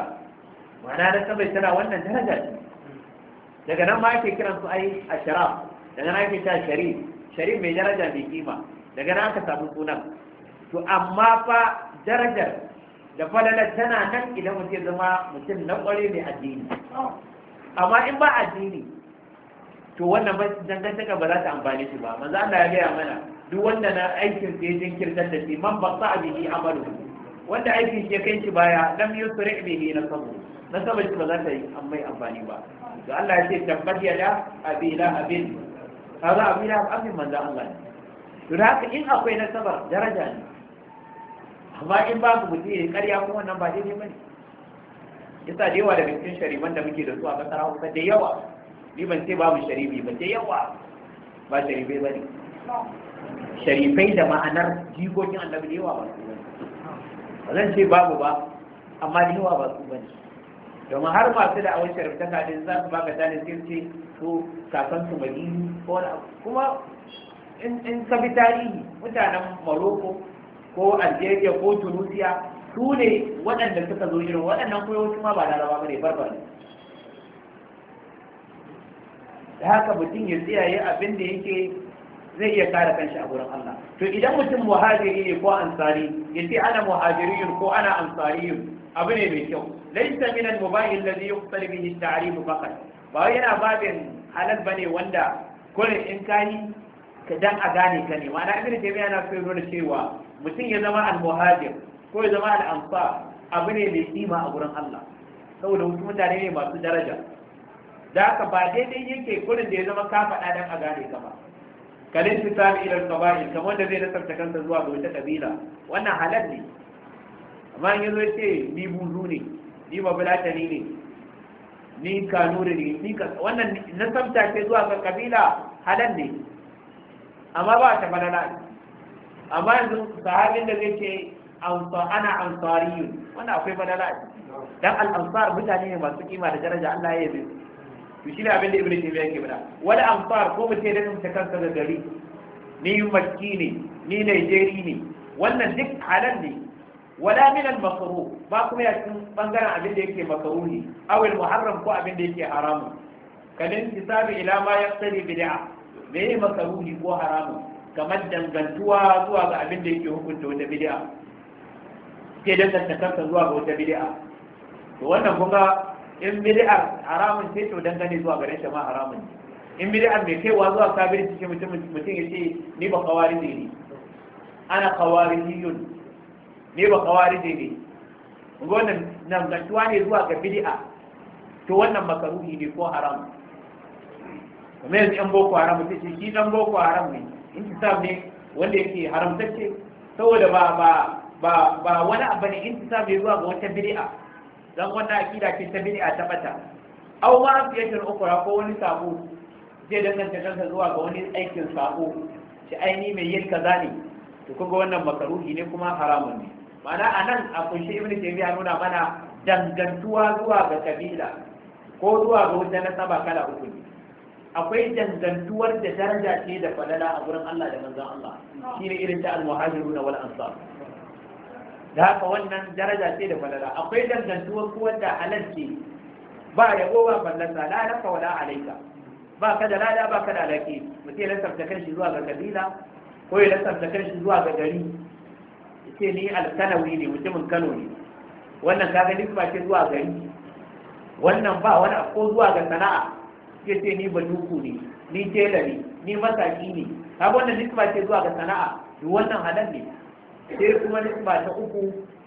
Speaker 1: mana na sabai tana wannan daraja ce daga nan ma ake kiransu ai ashraf daga nan ake ta sharif sharif mai daraja mai kima daga nan aka samu sunan to amma fa darajar da falala tana nan idan mutum ya zama mutum na kware mai addini amma in ba addini to wannan dangantaka ba za ta amfani shi ba manzo Allah ya gaya mana duk wanda na aikin sai jinkirtar da shi man ba sa bihi amalu wanda aikin shi kai shi baya lam yusri bihi na sabu na sabu shi ba za ta yi mai amfani ba to Allah ya ce tabbat ya da abila abin kaza abila abin manzo Allah ne don haka in akwai nasabar daraja ne amma in babu mutu ne karya kuma wannan ba daidai ne. Isa da yawa daga cikin shariman da muke da su a kasar hausa da yawa ni ban ce babu sharibi ba da yawa ba sharibai ne.
Speaker 2: sharifai da ma'anar
Speaker 1: jikokin annabi da yawa ba su ba ba zan ce babu ba amma da yawa ba su ba ne. domin har masu da awon sharifta kadin za su baka ka tani ce to kakan su madini ko kuma in ka bi tarihi mutanen Morocco ko Algeria ko Tunisia su ne waɗanda suka zo irin waɗannan kuma wasu ma ba laraba bane barbar da haka mutum ya tsiyaye abin da yake zai iya kare kanshi a gurin Allah to idan mutum muhajiri ne ko ansari ya ce ana muhajiriyun ko ana ansariyun abu ne mai kyau laisa min al-mubayyin ladhi yuqtal bihi at-ta'rif faqat ba yana babin halal bane wanda kullum in kayi dan a gane ka ne ma'ana ibn taymiya yana so nuna cewa mutum ya zama al-muhajir ko ya zama al-ansar abu ne mai kima a gurin Allah saboda wasu mutane ne masu daraja da haka ba daidai yake kurin da ya zama ka faɗa dan a gane ka ba kalin su sami ilal kaba'il kamar da zai nasarta kansa zuwa ga wata kabila wannan halal ne amma in yazo ce ni buzu ne ni babulatani ne ni kanuri ne ni wannan nasarta ce zuwa ga kabila halal ne amma ba ta falala amma yanzu sahabin da zai ce ana ansariyu wannan akwai falala dan al-ansar mutane ne masu kima da daraja Allah ya yi to shi ne abin da ibnu taymiya yake bada wani ansar ko mutum da mutum kansa da gari ni makki ne ni najeri ne wannan duk halal ne wala min al-makruh ba kuma ya cikin bangaren abin da yake makruhi aw al-muharram ko abin da yake haramu kadin hisabi ila ma yaqtari bid'a me makaruhi ko haramun kamar dangantuwa zuwa ga abin da yake hukunta wata bid'a ke danganta kanka zuwa ga wata bid'a to wannan kuma in bid'a haramun sai to dangane zuwa gare shi ma haramun in bid'a mai kaiwa zuwa kafirci ce mutum mutum ya ce ni ba kawarije ne ana kawarijiyun ni ba kawarije ne wannan dangantuwa ne zuwa ga bid'a to wannan makaruhi ne ko haramun kamar yanzu yan boko haram ta ce shi dan boko haram ne intisab ne wanda yake haramtacce saboda ba ba ba ba wani abu ne intisab ne zuwa ga wata bid'a dan wannan akida ce ta bid'a ta bata aw ma fiyatul ukra ko wani sabo zai danganta kansa zuwa ga wani aikin sabo shi aini mai yin kaza ne to kuma wannan makaruhi ne kuma haramun ne ma'ana anan a kunshi ibnu taymiya nuna mana dangantuwa zuwa ga kabila ko zuwa ga wata nasaba kala uku ne akwai dangantuwar da daraja ce da falala a wurin Allah da manzon Allah shine irin ta al na wal ansar da haka wannan daraja ce da falala akwai dangantuwar kuwa da halal ce ba yabo ba fallasa la laka wala alaika ba ka da lada ba ka da alaki mutum ya lasafta kanshi zuwa ga kabila ko ya lasafta kanshi zuwa ga gari ce ni al alkanawi ne mutumin kano ne wannan kaga nisba ce zuwa gari wannan ba wani ko zuwa ga sana'a sai ce ni baduku ne ni tela ne ni masaki ne kaga wannan nisba ce zuwa ga sana'a wannan halal ne sai kuma nisba ta uku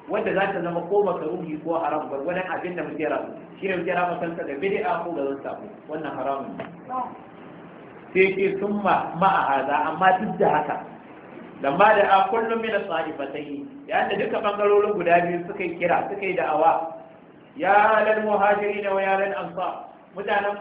Speaker 1: wanda za ta zama ko makaruhi ko haram wani abin da muke rabu shi ne muke rabu kansa da bid'a ko da zanta wannan haramun ne sai ke sun ma haza, amma duk da haka lamma da a kullum mina tsari fatahi yayin da duka bangarorin guda biyu suka yi kira suka yi da'awa ya lal muhajiri na wa ya lal ansa mutanen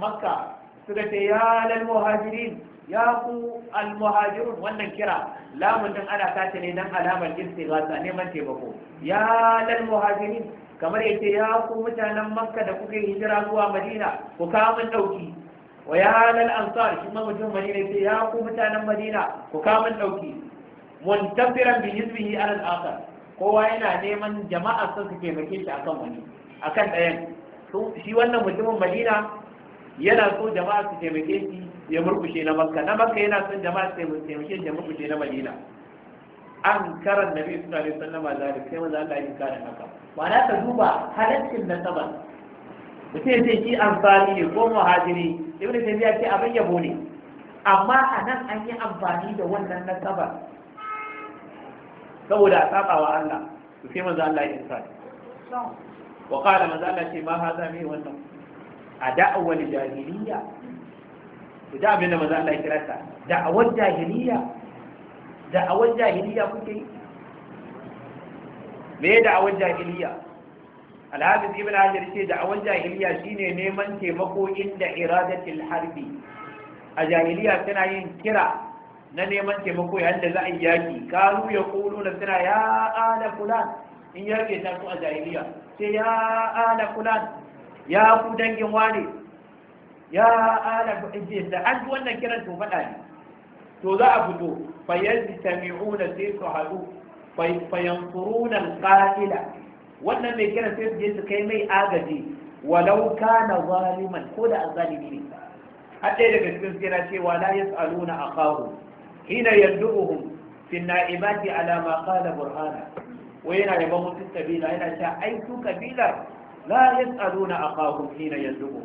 Speaker 1: makka suka ce ya lal muhajirin ya ku al muhajirun wannan kira lamun din ana ta ne dan alamar istighatha neman taimako ya lal muhajirin kamar yace ya ku mutanen makka da kuke hijira zuwa madina ku kawo min dauki wa ya lal ansar shi ma mutum madina yace ya ku mutanen madina ku kawo min dauki muntafiran bi hizbihi ala al akhar kowa yana neman jama'a sun su taimake shi akan wani akan ɗayan shi wannan mutumin madina yana so jama'a su taimake shi ya murkushe na makka na makka yana son jama'a su taimake shi ya murkushe na madina an karan suna sallallahu alaihi wasallam zalika kai maza Allah ya kare haka na ka duba halaccin saman mutum zai ki amfani ne ko muhajiri da taymiya ce abin yabo ne amma a nan an yi amfani da wannan na saman saboda a saba wa Allah su kai maza Allah ya kare wa qala manzo Allah ce ma haza me wannan a da'awar jahiliya ku da da'awar jahiliya da'awar jahiliya kuke yi me da'awar jahiliya alhafiz ibn hajar ce da'awar jahiliya shine neman taimako inda a jahiliya tana yin kira na neman taimako yayin za a yi yaki karu ya kulu na suna ya ala in yake ta su a jahiliya ce ya ala fulan ya ku dangin wane ya ala ije da an ji wannan kiran to faɗa ne to za a fito fa da sai su haɗu fa furunan ƙa'ila wannan mai kiran sai su je su kai mai agaji walau kana zaliman ko da azalimi ne har ɗaya daga cikin kira cewa la yas'aluna kawo? hina yad'uhum fi na'imati ala ma qala burhana wai yana da mutum kabila yana ta ai su kabila la yasaluna aqahum hina yanzubu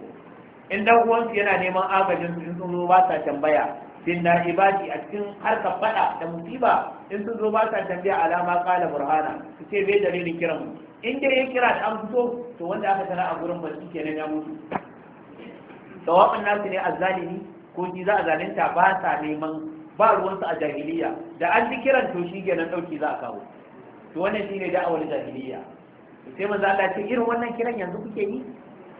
Speaker 1: in dan uwansu yana neman agajin su in sun zo ba sa tambaya bin na'ibati a cikin harkar fada da musiba in sun zo ba sa tambaya alama kala burhana su ce bai dalilin kiran mu in dai ya kira an fito to wanda aka tana a gurin ba kenan ya mutu tawafin nasu ne azzalimi ko shi za a zalunta ba sa neman ba ruwansu a jahiliya da an ji kiran to shi kenan dauki za a kawo to wannan ne da'awar jahiliya sai manzo Allah ce irin wannan kiran yanzu kuke yi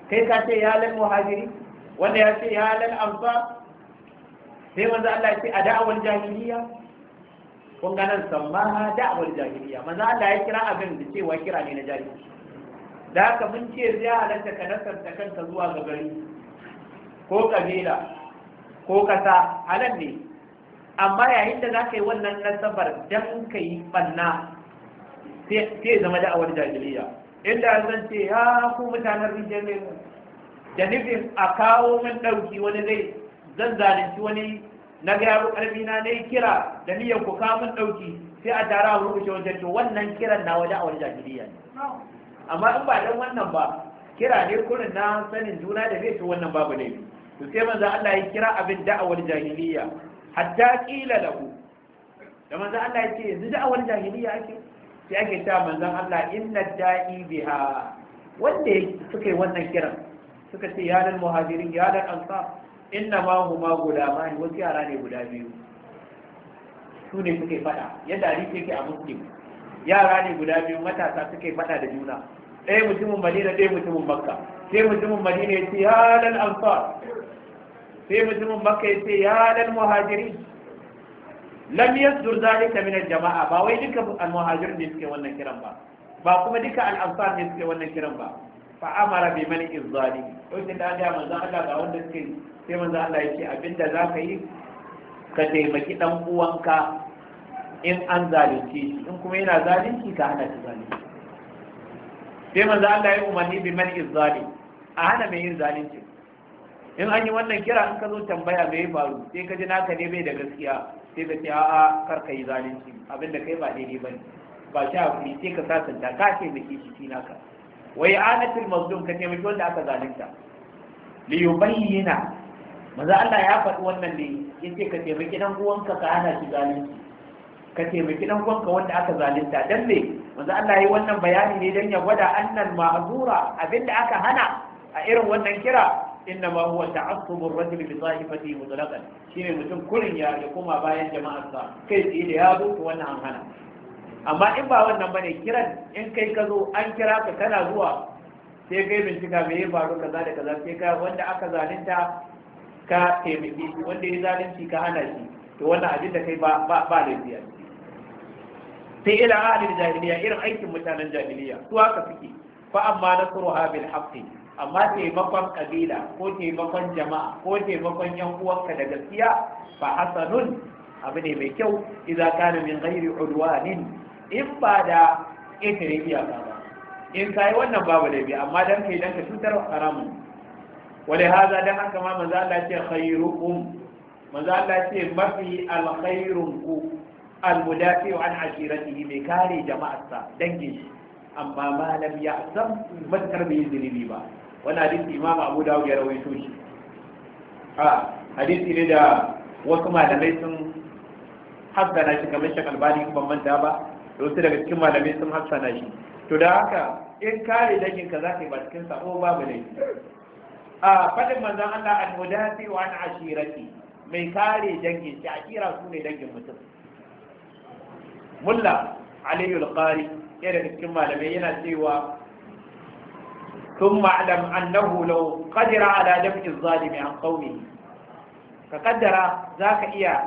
Speaker 1: kai ka ce ya lal muhajiri wanda ya ce ya lal amsa sai manzo Allah ce a da'awar jahiliya kun ga nan sammaha da'awar jahiliya manzo Allah ya kira abin da cewa kira ne na jahiliya da haka mun ce ya halarta ka nasarta kanka zuwa ga gari ko kabila ko kasa halal ne amma yayin da za ka yi wannan nasabar don ka yi banna sai zama da'awar jahiliya inda an zan ce ya ku mutanen rijiyar ne da nufin a kawo min ɗauki wani zai zan zalunci wani na ga yaro ƙarfi na na kira da niyyar ku kawo min ɗauki sai a tara a rubuce wajen to wannan kiran na wajen awar jahiliya ne amma in ba dan wannan ba kira ne kurin na sanin juna da zai to wannan babu ne to sai manzo Allah ya kira abin da'awar jahiliya hatta qila lahu da manzo Allah ya ce yanzu da'awar jahiliya ake sai ake ta manzan Allah inna da'i biha wanda suka yi wannan kiran suka ce dal muhajirin dal ansar inna ma huma gulama ne wasu yara ne guda biyu su ne suka fada yadda hadisi yake a muslim yara ne guda biyu matasa suke fada da juna ɗaya mutumin madina ɗaya mutumin makka sai mutumin madina ya ce ya dal ansar sai mutumin makka ya ce ya dal muhajirin lam yasdur zalika min aljamaa jamaa ba wai duka al ne suke wannan kiran ba ba kuma duka al-ansar ne suke wannan kiran ba fa amara bi man izzali sai da ga manzon Allah ga wanda suke sai manzon Allah ya ce abinda zaka yi ka taimaki dan uwanka in an zalunci in kuma yana zalunci ka hana shi zalunci sai manzon Allah ya umarni bi man izzali a hana mai yin zalunci in an yi wannan kira in ka zo tambaya mai faru sai ka ji naka ne bai da gaskiya sai ka ce a'a kar ka yi zalunci abin da kai ba daidai ne ba shi kuri sai ka sasanta ka ce da kishi shi naka wai anatul mazlum ka taimaki wanda aka zalunta li yubayyana maza Allah ya faɗi wannan ne yace ka taimaki dan uwanka ka hana shi zalunci ka taimaki dan uwanka wanda aka zalunta dan me maza Allah yi wannan bayani ne dan ya gwada annan ma'zura abinda aka hana a irin wannan kira inda ma huwa ta'assubur rajul bi sahifati mutlaqan shine mutum kurin ya ya kuma bayan sa, kai tsaye da ya zo to wannan an hana amma in ba wannan bane kiran in kai ka zo an kira ka kana zuwa sai kai bincika me ya faru kaza da kaza sai ka wanda aka zalunta ka taimake shi wanda ya zalunci ka hana shi to wannan abin da kai ba ba ba lafiya sai ila ahlil jahiliya irin aikin mutanen jahiliya su haka suke fa amma nasruha bil haqqi amma taimakon kabila ko taimakon jama'a ko taimakon yan uwanka da gaskiya fa hasanun abu ne mai kyau idza kana min ghairi udwanin in ba da ƙetare iyaka ba in kai wannan babu laifi amma dan kai dan ka cutar haramun wale haza dan haka ma manzo Allah ce khairukum manzo Allah ce mafi alkhairun ku almudafi an ashiratihi mai kare jama'arsa dangin shi amma ma lam ya'zam matkar bai zunubi ba wani hadisi imam abu dawud ya rawaito shi a hadisi ne da wasu malamai sun hassana shi kamar shakal bani ban manta ba da wasu daga cikin malamai sun hassana shi to da haka in kare dangin ka zaka yi ba cikin ko babu ne a fadin manzon Allah an wadati wa an ashirati mai kare dangin shi ashira su ne dangin mutum mulla aliyu qari yana da cikin malamai yana cewa ثم اعلم أنه لو قدر على دفع الظالم عن قومه فقدر ذاك إياه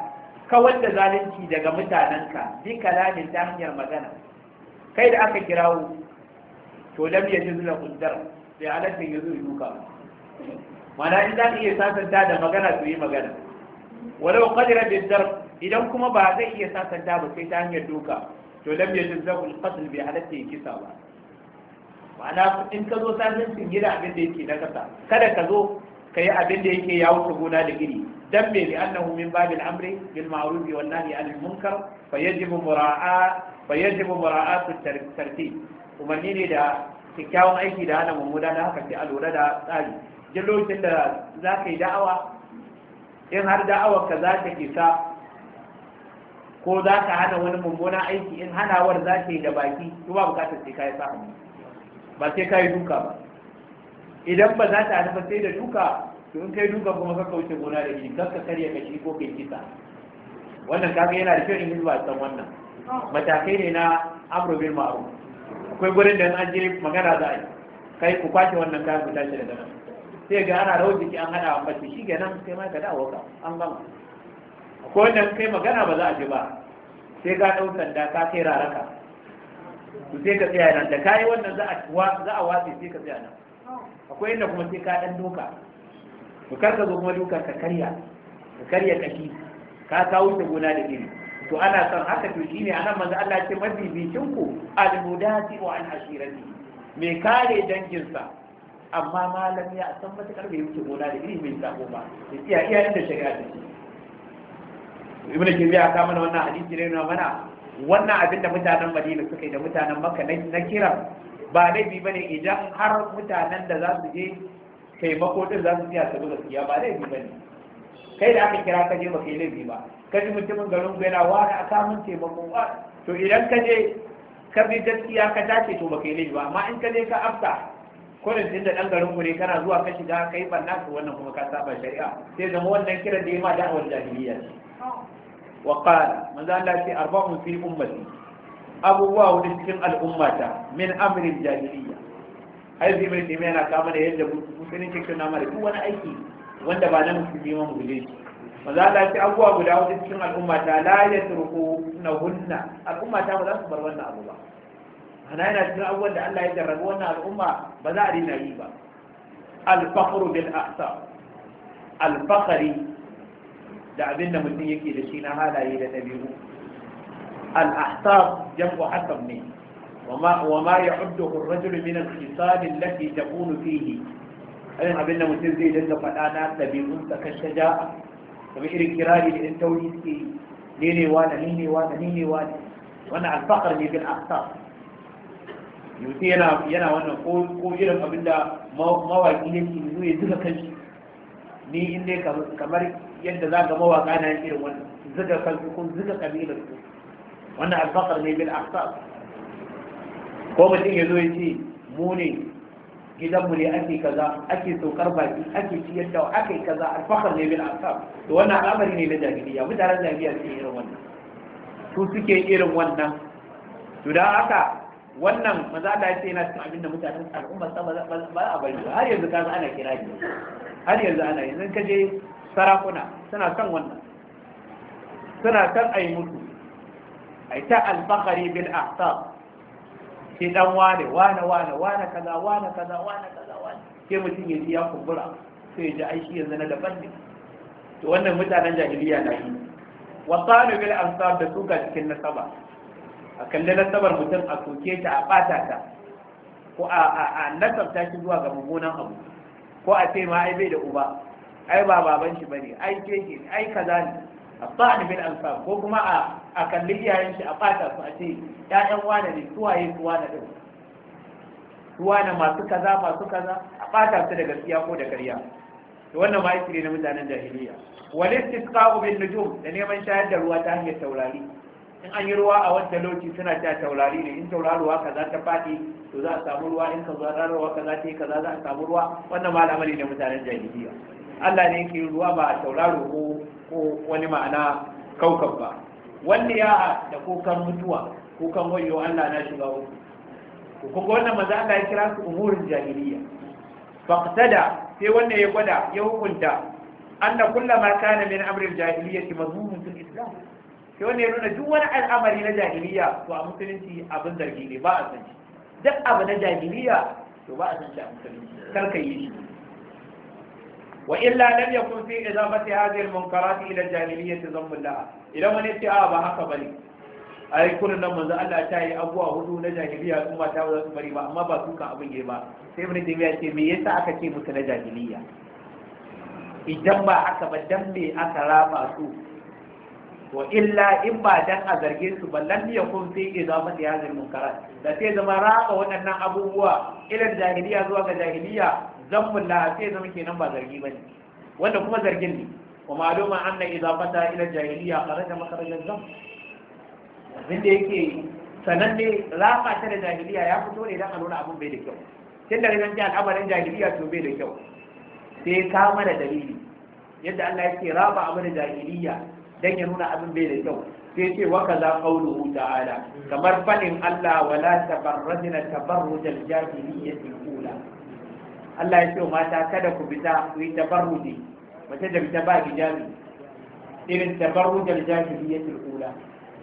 Speaker 1: kawar zalunci daga mutanenka bi kalamin ta magana kai da aka kirawo to lam ya ji zula kundar bai ya zo yuka mana in za ka iya sasanta da magana to yi magana walau idan kuma ba zai iya sasanta ba sai ta hanyar duka to lam ya ji zula bai halatta kisa ba ma'ana in ka zo sasancin gida abin da yake na kasa kada ka zo ka yi abin da yake ya wuce gona da iri dan me li annahu min babil amri bil ma'ruf wal nahyi anil munkar fa yajibu mura'a fa yajibu mura'atu tartib umarni ne da kyakkyawan aiki da hana mummuna da haka sai a lura da tsari duk lokacin da za ka yi da'awa in har da'awar ka za ta isa ko za ka hana wani mummuna aiki in hanawar za ka yi da baki kuma ba bukatar sai ka yi sa ba sai ka yi duka ba idan ba za ta haɗu sai da duka to in kai duka kuma ka kauce gona da shi kar ka karya shi ko kai kisa wannan kaga yana da kyau in ba san wannan matakai ne na amru bil ma'ruf akwai gurin da an je magana za a yi kai ku kwace wannan kayan ku tashi daga nan sai ga ana rawar jiki an hada mace shi nan sai ma ka dawo ka an gama akwai wanda kai magana ba za a ji ba sai ka ɗau sanda ka kai raraka to sai ka tsaya nan da kayi wannan za a watsi sai ka tsaya nan akwai inda kuma sai ka dan doka to kar ka zo kuma dukan ka karya ka karya kashi ka kawo ta gona da iri to ana son haka to shine anan manzo Allah ya ce mabibicin ku al mudati wa an ashirati me kare dangin sa amma malami ya san matakar bai wuce gona da iri mai sako ba ya tsaya iya inda shari'a ta ce ibnu kibiya ka mana wannan hadisi ne na mana wannan abin da mutanen madina suka yi da mutanen maka na kira ba laifi ba ne idan har mutanen da za su je taimako din za su siya su buga siya ba laifi ba ne kai da aka kira ka je ba kai laifi ba ka ji mutumin garin ku yana wani a samun taimako ba to idan ka je ka bi gaskiya ka dace to ba kai laifi ba amma in ka je ka afta kodin din da dan garin ku ne kana zuwa ka shiga kai banna to wannan kuma ka saba shari'a sai zama wannan kiran da ya ma da'awar jahiliya ce wa qala manzo Allah ce arba'un fi ummati abubuwa wani cikin al'ummata min amrin jahiliya ai zai mai dimi yana kama da yadda musulunci ke nama da duk wani aiki wanda ba na musulmi ma musulmi manzo Allah ce abubuwa guda wani cikin al'ummata la yatruku na hunna al'ummata ba za su bar wannan abu ba ana yana cikin abubuwan da Allah ya jarrabi wannan al'umma ba za a yi ba al da abinda mutum yake da shi na halaye da ɗabi'u al-ahsab jam'u hasab ne wa ma ya'udduhu ar-rajulu min al-khisal allati takunu fihi irin abin da mutum zai dinga faɗa na ɗabi'un sa kan shaja'a kuma irin kirari da ɗan tauri suke Nene ne wa da ni ne wa da ni ne wa wannan al-faqr ne bil ahsab yanzu yana yana wannan ko irin abin da mawaki yake zuwa ya zuga kanshi ni in dai kamar yadda za ga mawaka na irin wannan zuga kalbi ko zuga kabilar ku wannan albakar ne bil aqsab ko mutum ya zo ya ce mu ne gidanmu ne ake kaza ake saukar baki ake ciyar da ake kaza alfakar ne bil aqsab to wannan al'amari ne na jahiliya mutanen jahiliya suke irin wannan su suke irin wannan to da haka wannan maza da ce yana cikin abin da mutanen al'umma ba za a bari ba har yanzu kaza ana kira har yanzu ana yanzu kaje sarakuna suna son wannan suna son a yi mutu a yi ta alfahari bil ahsab shi dan wane wane wane wane kaza wane kaza wane kaza wane ke mutum ya ji ya kumbura sai ya ji aiki yanzu na daban ne to wannan mutanen jahiliya na yi wasalu bil ansab da su ga cikin nasaba a kalli nasabar mutum a soke ta a bata ta ko a nasabta shi zuwa ga mummunan abu ko a ce ma ai bai da uba ai ba baban shi bane ai keke ai kaza ne a ba'd bil alfa ko kuma a a kalli iyayen shi a fata su a ce ƴaƴan wane ne suwaye suwane din suwane masu kaza masu kaza a fata su da gaskiya ko da ƙarya to wannan ma yake na mutanen jahiliya wal istisqa'u bin nujum da neman shayar da ruwa ta hanyar taurari in an yi ruwa a wata loci suna ta taurari ne in tauraruwa kaza ta fadi to za a samu ruwa in kaza ruwa kaza ta yi kaza za a samu ruwa wannan ma al'amari ne mutanen jahiliya Allah ne yake ruwa ba a tauraro ko ko wani ma'ana kaukan ba wanda ya da kukan mutuwa kukan wayo Allah na shiga uku ku kuma wannan maza Allah ya kira su umurin jahiliya faqtada sai wanda ya gwada ya hukunta anna ma kana min jahiliya, jahiliyyati mazmumun fil islam sai wanda ya nuna duk wani al'amari na jahiliya to a musulunci abin zargi ne ba a sanci. duk abu na jahiliya to ba a sanci a musulunci kar ka yi shi وإلا لم يكن في إضافة هذه المنكرات إلى الجاهلية ذنب لها إلى من اتعاب حق بني ai kullun nan manzo Allah ta yi abuwa hudu na jahiliya kuma ta bari ba amma ba su kan abin ba sai ibn taymiya ce me yasa aka ce musu na jahiliya idan ba aka ba dan me aka rafa su wa illa in ba dan a zarge su da zama raba waɗannan abubuwa ilan jahiliya zuwa ga jahiliya zambun la sai zama kenan ba zargi ba ne, wanda kuma zargin ne wa ma'luma anna idza fata ila jahiliya kharaja makharajan zam abin da yake sananne rafa ta da jahiliya ya fito ne dan a nuna abin bai da kyau tun da zan ji al'amarin jahiliya to bai da kyau sai ka mana dalili yadda Allah yake raba abin da jahiliya dan ya nuna abin bai da kyau sai ce wa kaza qawluhu ta'ala kamar fadin Allah wala tabarrajna tabarrujal jahiliyyati Allah ya ce mata kada ku fita ku yi tabarruji mace da fita ba hijabi irin jahiliya ta kula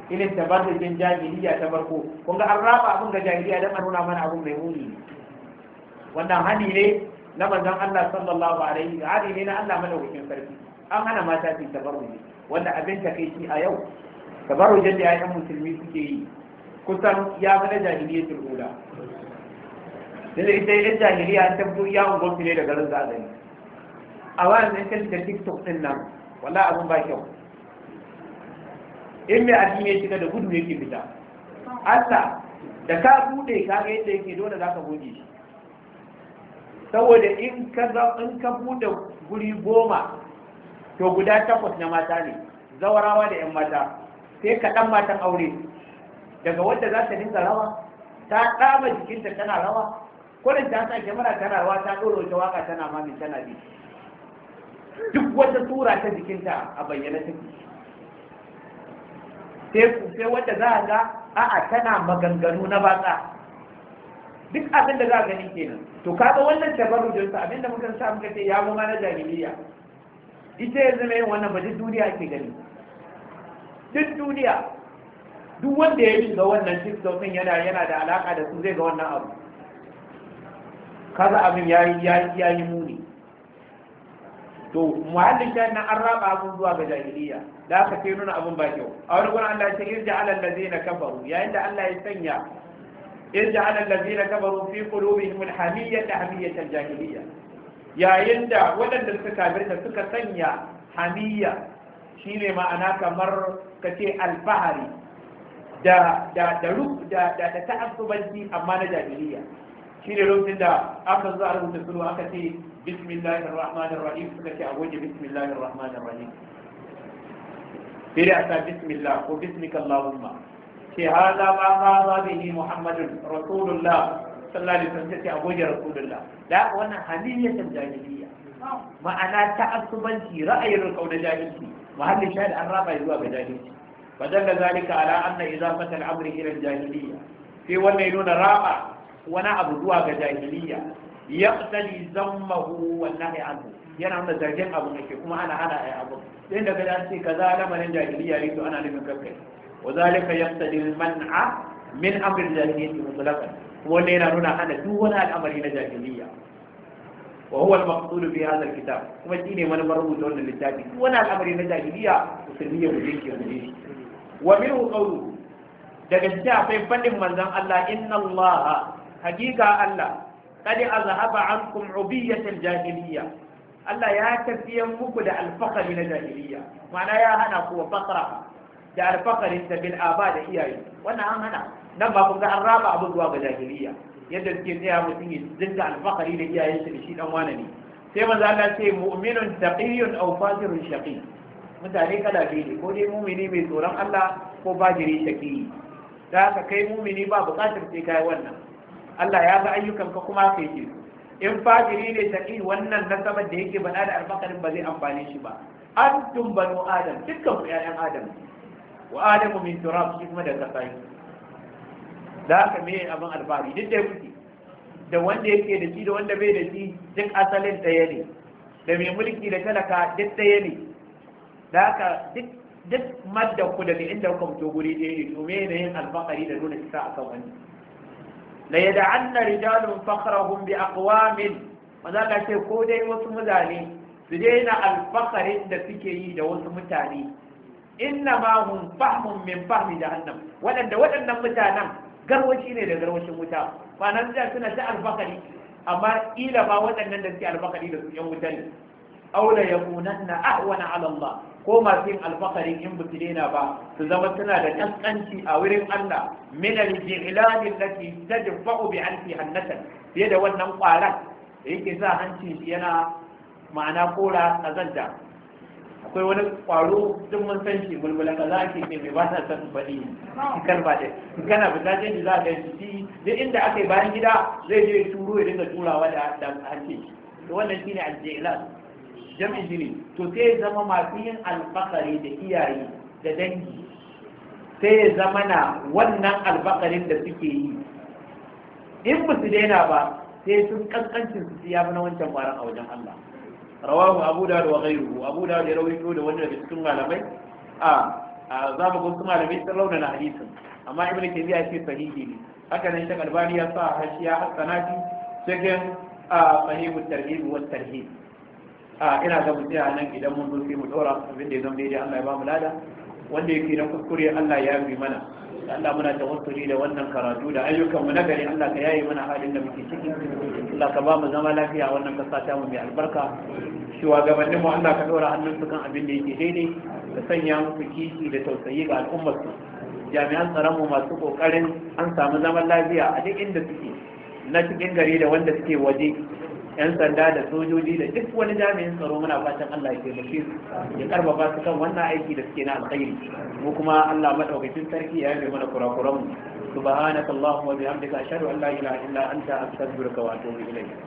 Speaker 1: irin tabarrujin jahiliya ta farko kun ga an raba abin ga jahiliya da nuna mana abin mai muni wannan hani ne na manzon Allah sallallahu alaihi wa alihi ne na Allah madaukakin sarki an hana mata su tabarruji wanda abin shi a yau tabarrujin da yi musulmi suke yi kusan ya fi na ta kula da ita yan jahiliya ta buru yawon gwamnati ne da garin zazani a wani ne kan da tiktok din nan wala abun ba kyau in mai addini ya shiga da gudu yake fita Allah da ka bude ka ga yadda yake dole za ka goge saboda in ka in ka bude guri goma to guda takwas na mata ne zawarawa da yan mata sai ka ɗan matan aure daga wadda za ta dinga rawa ta ɗaba jikinta tana rawa kwanan ta sa kyamara tana rawa ta ɗoro ta waka tana mamin, tana bi duk wata tura ta jikinta a bayyana take sai wanda za a ga a'a tana maganganu na baka duk abin da za a gani kenan to kaga wannan tabarrujin sa abin da muka sa muka ce ya zama na jahiliya ita yanzu mai wannan ba duk duniya ke gani duk duniya duk wanda ya yi ga wannan shi din yana yana da alaka da su zai ga wannan abu kaga abin ya yi muni to muhallin shan nan an raba abun zuwa ga jahiliya da aka sai nuna abin ba kyau a wani gurin Allah ya ce irja alal ladina kafaru yayin da Allah ya sanya irja alal ladina kafaru fi qulubihim al hamiyyah hamiyyah al jahiliya yayin da waɗanda suka kafirta suka sanya hamiyya shine ma'ana kamar kace alfahari da da da da da ta'assubanci amma na jahiliya shine lokacin da aka zo a rubuta sulhu aka ce bismillahir rahmanir rahim suka ce a goge bismillahir rahmanir rahim sai da ta bismillah ko bismika allahumma ce hada ma hada bihi muhammadun rasulullah sallallahu alaihi wasallam ce a rasulullah da wannan haliyatan jahiliya ma'ana ta'assubanci ra'ayin rukau da jahilci mahallin shahid an raba zuwa ga jahilci fadalla zalika ala anna idafata amri ila al-jahiliya sai wannan ya nuna raba wani abu zuwa ga jahiliya ya tsali zammahu wallahi anhu yana nuna zargin abu ne kuma ana hana ai abu sai daga da ka kaza lamarin jahiliya ne to ana nufin kakkai wa zalika yaqtadi al-man'a min amr al-jahiliyyah mutlaqan wanda yana nuna hana duk wani al'amari na jahiliya wa huwa al-maqsud fi hadha al-kitab kuma ne wani marubuta wannan littafi duk wani al'amari na jahiliya musulmi ya guje shi guje wa minhu qawlu daga cikin akwai fadin manzon Allah inna Allah hakika Allah qad azhaba ankum ubiyatal jahiliya Allah ya tafiya muku da alfakari na jahiliya ma'ana ya hana ku fakara da alfakarin ta bil aba da iyaye wannan an hana nan ba kun ga an raba abin zuwa ga jahiliya yadda suke tsaya mutum ya dinga alfakari da iyayen shi da shi dan wane ne sai manzo Allah ce mu'minun taqiyyun aw fajirun shaqi mutane kala biyu ne ko dai mumini mai tsoron Allah ko fajiri shaqi da haka kai mumini ba bukatar sai kai wannan Allah ya ga ayyukan ka kuma ka yake in fajiri ne ta taqi wannan na nasabar da yake bada da albakarin ba zai amfani shi ba antum banu adam dukkan mu 'ya'yan adam wa adamu min turab shi kuma da kasai da ka me abin alfahari duk da kuke da wanda yake da shi da wanda bai da shi duk asalin ɗaya ne da mai mulki da talaka duk ɗaya ne da haka duk madda ku daga inda kuka fito guri ɗaya ne to me yin alfahari da nuna kisa akan wani la yad'anna rijalun fakhrahum bi akwamin maza Allah ce ko dai wasu mutane su daina alfakarin da suke yi da wasu mutane inna ma hum fahmun min fahmi jahannam wadanda waɗannan mutanen garwashi ne da garwashin wuta ba nan suna ta alfakari amma ila ba waɗannan da suke alfakari da su yan wuta aula yakunanna ahwana ala Allah ko masu yin alfakari in ba su daina ba su zama suna da kaskanci a wurin Allah min al-jihlan allati tadfa'u bi alfi hannatan fiye da wannan kwaran da yake sa hanci yana ma'ana kora kazanta akwai wani kwaro din mun san shi bulbula ka za ke mai ba ta san baɗi kan ba da kana fita ce za ka yi shi da inda aka yi bayan gida zai je turo ya dinga turawa da hanci to wannan shine al jami'in shi ne to sai zama masu yin alfakari da iyaye da dangi sai ya zama na wannan albakarin da suke yi in ba su daina ba sai sun kankancin su ya fi na wancan baran a wajen Allah rawahu abu da wa gairu, abu da ya rawaito da wani daga cikin malamai a za mu ga malamai sun na hadisin amma ibn kabi ya ce sahihi ne haka nan shek albani ya sa hashiya hasanati cikin a sahihu tarhibu wa tarhibu a ina da mutum a nan idan mun zo sai mu dora abin da ya zama daidai Allah ya bamu lada wanda yake na kuskure Allah ya yi mana Allah muna tawassuli da wannan karatu da ayyukan mu nagari Allah ka yayi mana halin da muke ciki Allah ka ba zama lafiya wannan kasa ta mu mai albarka shugabannin mu Allah ka dora hannun su kan abin da yake daidai da sanya musu kishi da tausayi ga al'ummar su jami'an tsaron mu masu kokarin an samu zaman lafiya a duk inda suke na cikin gari da wanda suke waje yan sanda da sojoji da duk wani jami'in tsaro muna fatan Allah ya taimake su ya karfafa su kan wannan aiki da suke na alkhairi mu kuma Allah madaukakin sarki ya yi mana kurakuran mu subhanakallahumma wa bihamdika ashhadu an la ilaha illa anta astaghfiruka wa atubu ilayk